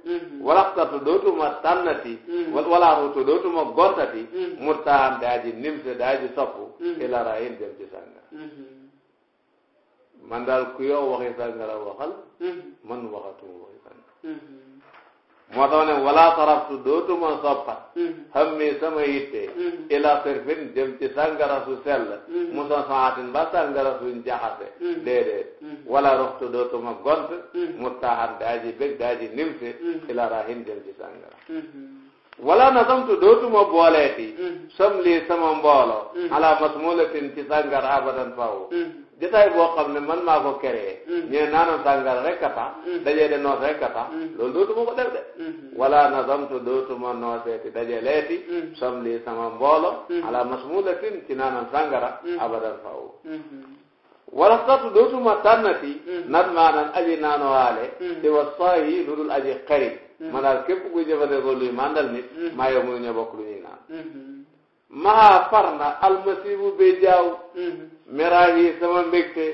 walaxtatu dootuma tànnati. wala xutu dootuma gontati. murtaan daaji nimse daaji soppu. ila rayin jëm ci sàngara. man daal ku yow waxi sàngara waxal hmm. man waxatuma waxi sàngara hmm. moo tax ne wala saraftu dootuma soppat hmm. xam mi sama yitte ila sirfin jëm ci sàngara su sell musa saatin ba sàngara suñ jaxase déedéet wala roxtu dootuma gont mustaahan daaji bég daaji nimse ila rahin jëm ci sàngara wala nasamtu dootuma booleeti sam lii sama mboolo ala masmulatin ci sàngara abadan faw jotaay boo xam ne man maa ko créé. Mm. ñu ne naanam tàngal rek a tax. Mm. dajee de noos rek a tax. Mm. loolu dootuma ko def de. Mm-hmm. wala nazamtu dootuma nooseeti dajee leeti. som lii sama mboolo. ala masmulatin ci naanam sàngara. abadan faw. Mm-hmm. wala satu dootuma tànnati. nat maanaam aji naanowaale. te wa saa yi lu dul aji xarit. jëfandikoo luy muy ñu bokk lu ñuy naan. Mm-hmm. maa par almasibu be jaaw meraag mm-hmm. yi sama mbégte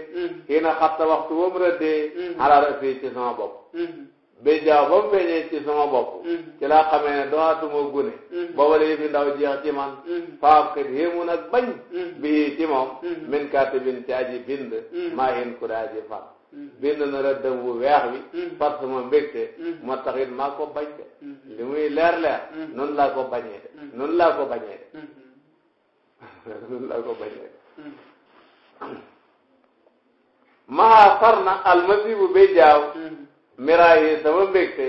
xiina mm-hmm. xatta waxtu ba mu rëddee xalaat mm-hmm. fii ci sama bopp be jaaw ba mu feeñee ci sama bopp ci laa xamee ne doxatuma gune booba la yëfi ndaw jeex ci man faaf kat xéemu nag bañ bii ci moom min katibin ci aji bind maa hin ku daa ji far na rëddam bu weex bi far sama mbégte moo tax maa ko bañ li muy leer leer noonu laa ko bañee de laa ko bañee <laughs> loolu laa ko bañee maa far na almasibu bay jaaw miraa yi sama mbégte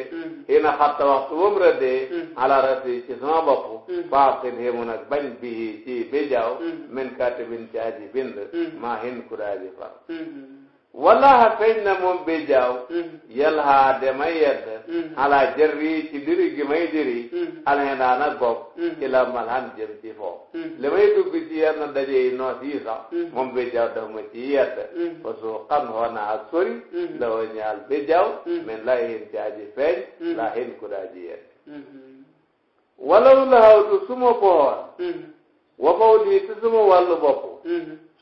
ina xatta waxtu wam rëddee ala rasi ci sama bopp baax seen xéemu nag bañ bii ci bay jaaw min kaatibin ci aji bind maa hin ku daaji far wala xëy na moom bi jaaw mm-hmm. yàlla xaa damay yedd mm-hmm. ala jëri ci diri gi may diri mm-hmm. alxenaana gopp ci la malxan jëm ci foofu li may dugg ci yenn daje yi noos yi moom bi jaaw ma ci yedd fa su xam xoona ak sori la wa ñaal bi jaaw la hin aji feeñ la hin ku daa ji yedd walaw la xawtu suma boor wa faw lii te suma wàllu bopp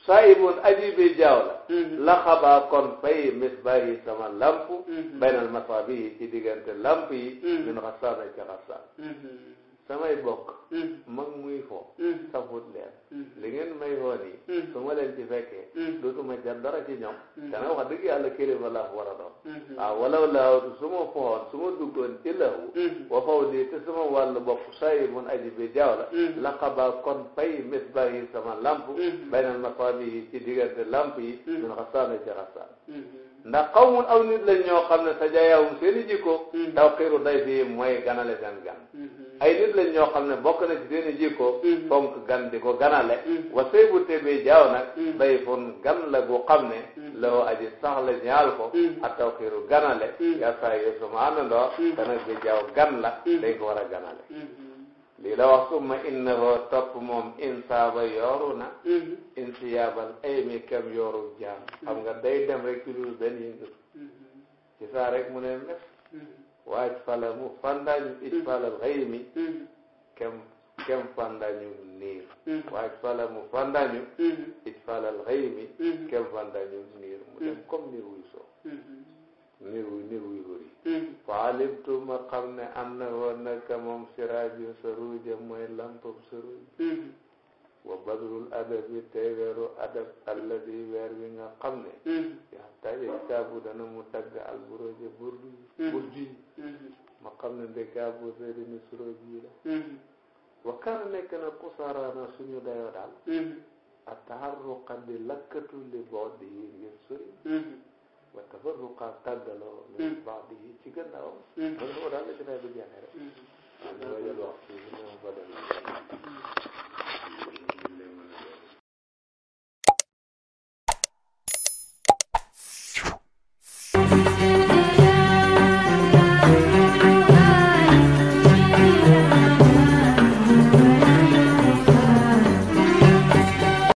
saayibun aji bi jaaw mm-hmm. la. la xabaa kon fay misbaahi sama lamp. Mm-hmm. baynal masaabi yi ci diggante lamp yi. Mm-hmm. min xasaan ak ca xasaan. sa samay bokk mm. mag muy fo mm. safut leen mm. li ngeen may foo nii su ci fekkee dootuma jar dara ci ñoom dana wax dëgg yàlla kilifa laa war a doon waaw walaw laawtu su ma foon su ma duggoon ci lahu wa faw lii te sama wàllu bopp sayi mun aji bi jaaw la ba kon fay mis bàyyi sama lamp baynal masaami yi ci diggante lamp yi min xasaana ci xasaan ndax xaw mun aw nit lañ ñoo xam ne sa jayaawum seen i jikko daw xiiru day bi mooy ganale seen gan ay nit lañ ñoo xam ne bokk na ci seen i jikko mm-hmm. fonk gan di ko ganale mm-hmm. wa sëy bu tebee jaaw nag mm-hmm. day fon gan la gu xam ne loo aji sax la ñaal ko a tawxiiru ganale yaa saa yu suma àndandoo te nag bi jaaw gan la dañ ko war a ganale lii la wax summa innahu topp moom insaaba yooru na insiyaabal ay mi kam yooru jaam xam nga day dem rek ci dul benn yëngatu ci saa rek mu ne met waaj fala mu fandañu it mm-hmm. falal xaymi mm-hmm. kem kem fandañu niir mm-hmm. waaj fala mu fandañu it falal xaymi kem fandañu mu dem comme niir wuy soo niir wuy niir huri fa alimtu ma xam ne am na woon naka moom siraaju saruja mooy lampam saruja wa badrul adabi tey weeru adab alladi weer wi nga xam ne mm-hmm. yaa taje kitaabu dana mu tagg alburoje mm-hmm. burdi burdi mm-hmm. ma xam ne ndeke abu zeydi ni suroji la wa kan nekk na pusaaraana suñu dayoo daal ak taharruqa di lakkatu li boodi yi ngir sori wa tafarruqa tàggaloo li boodi yi ci gannaawam loolu daal la ci lay bu jeexee rek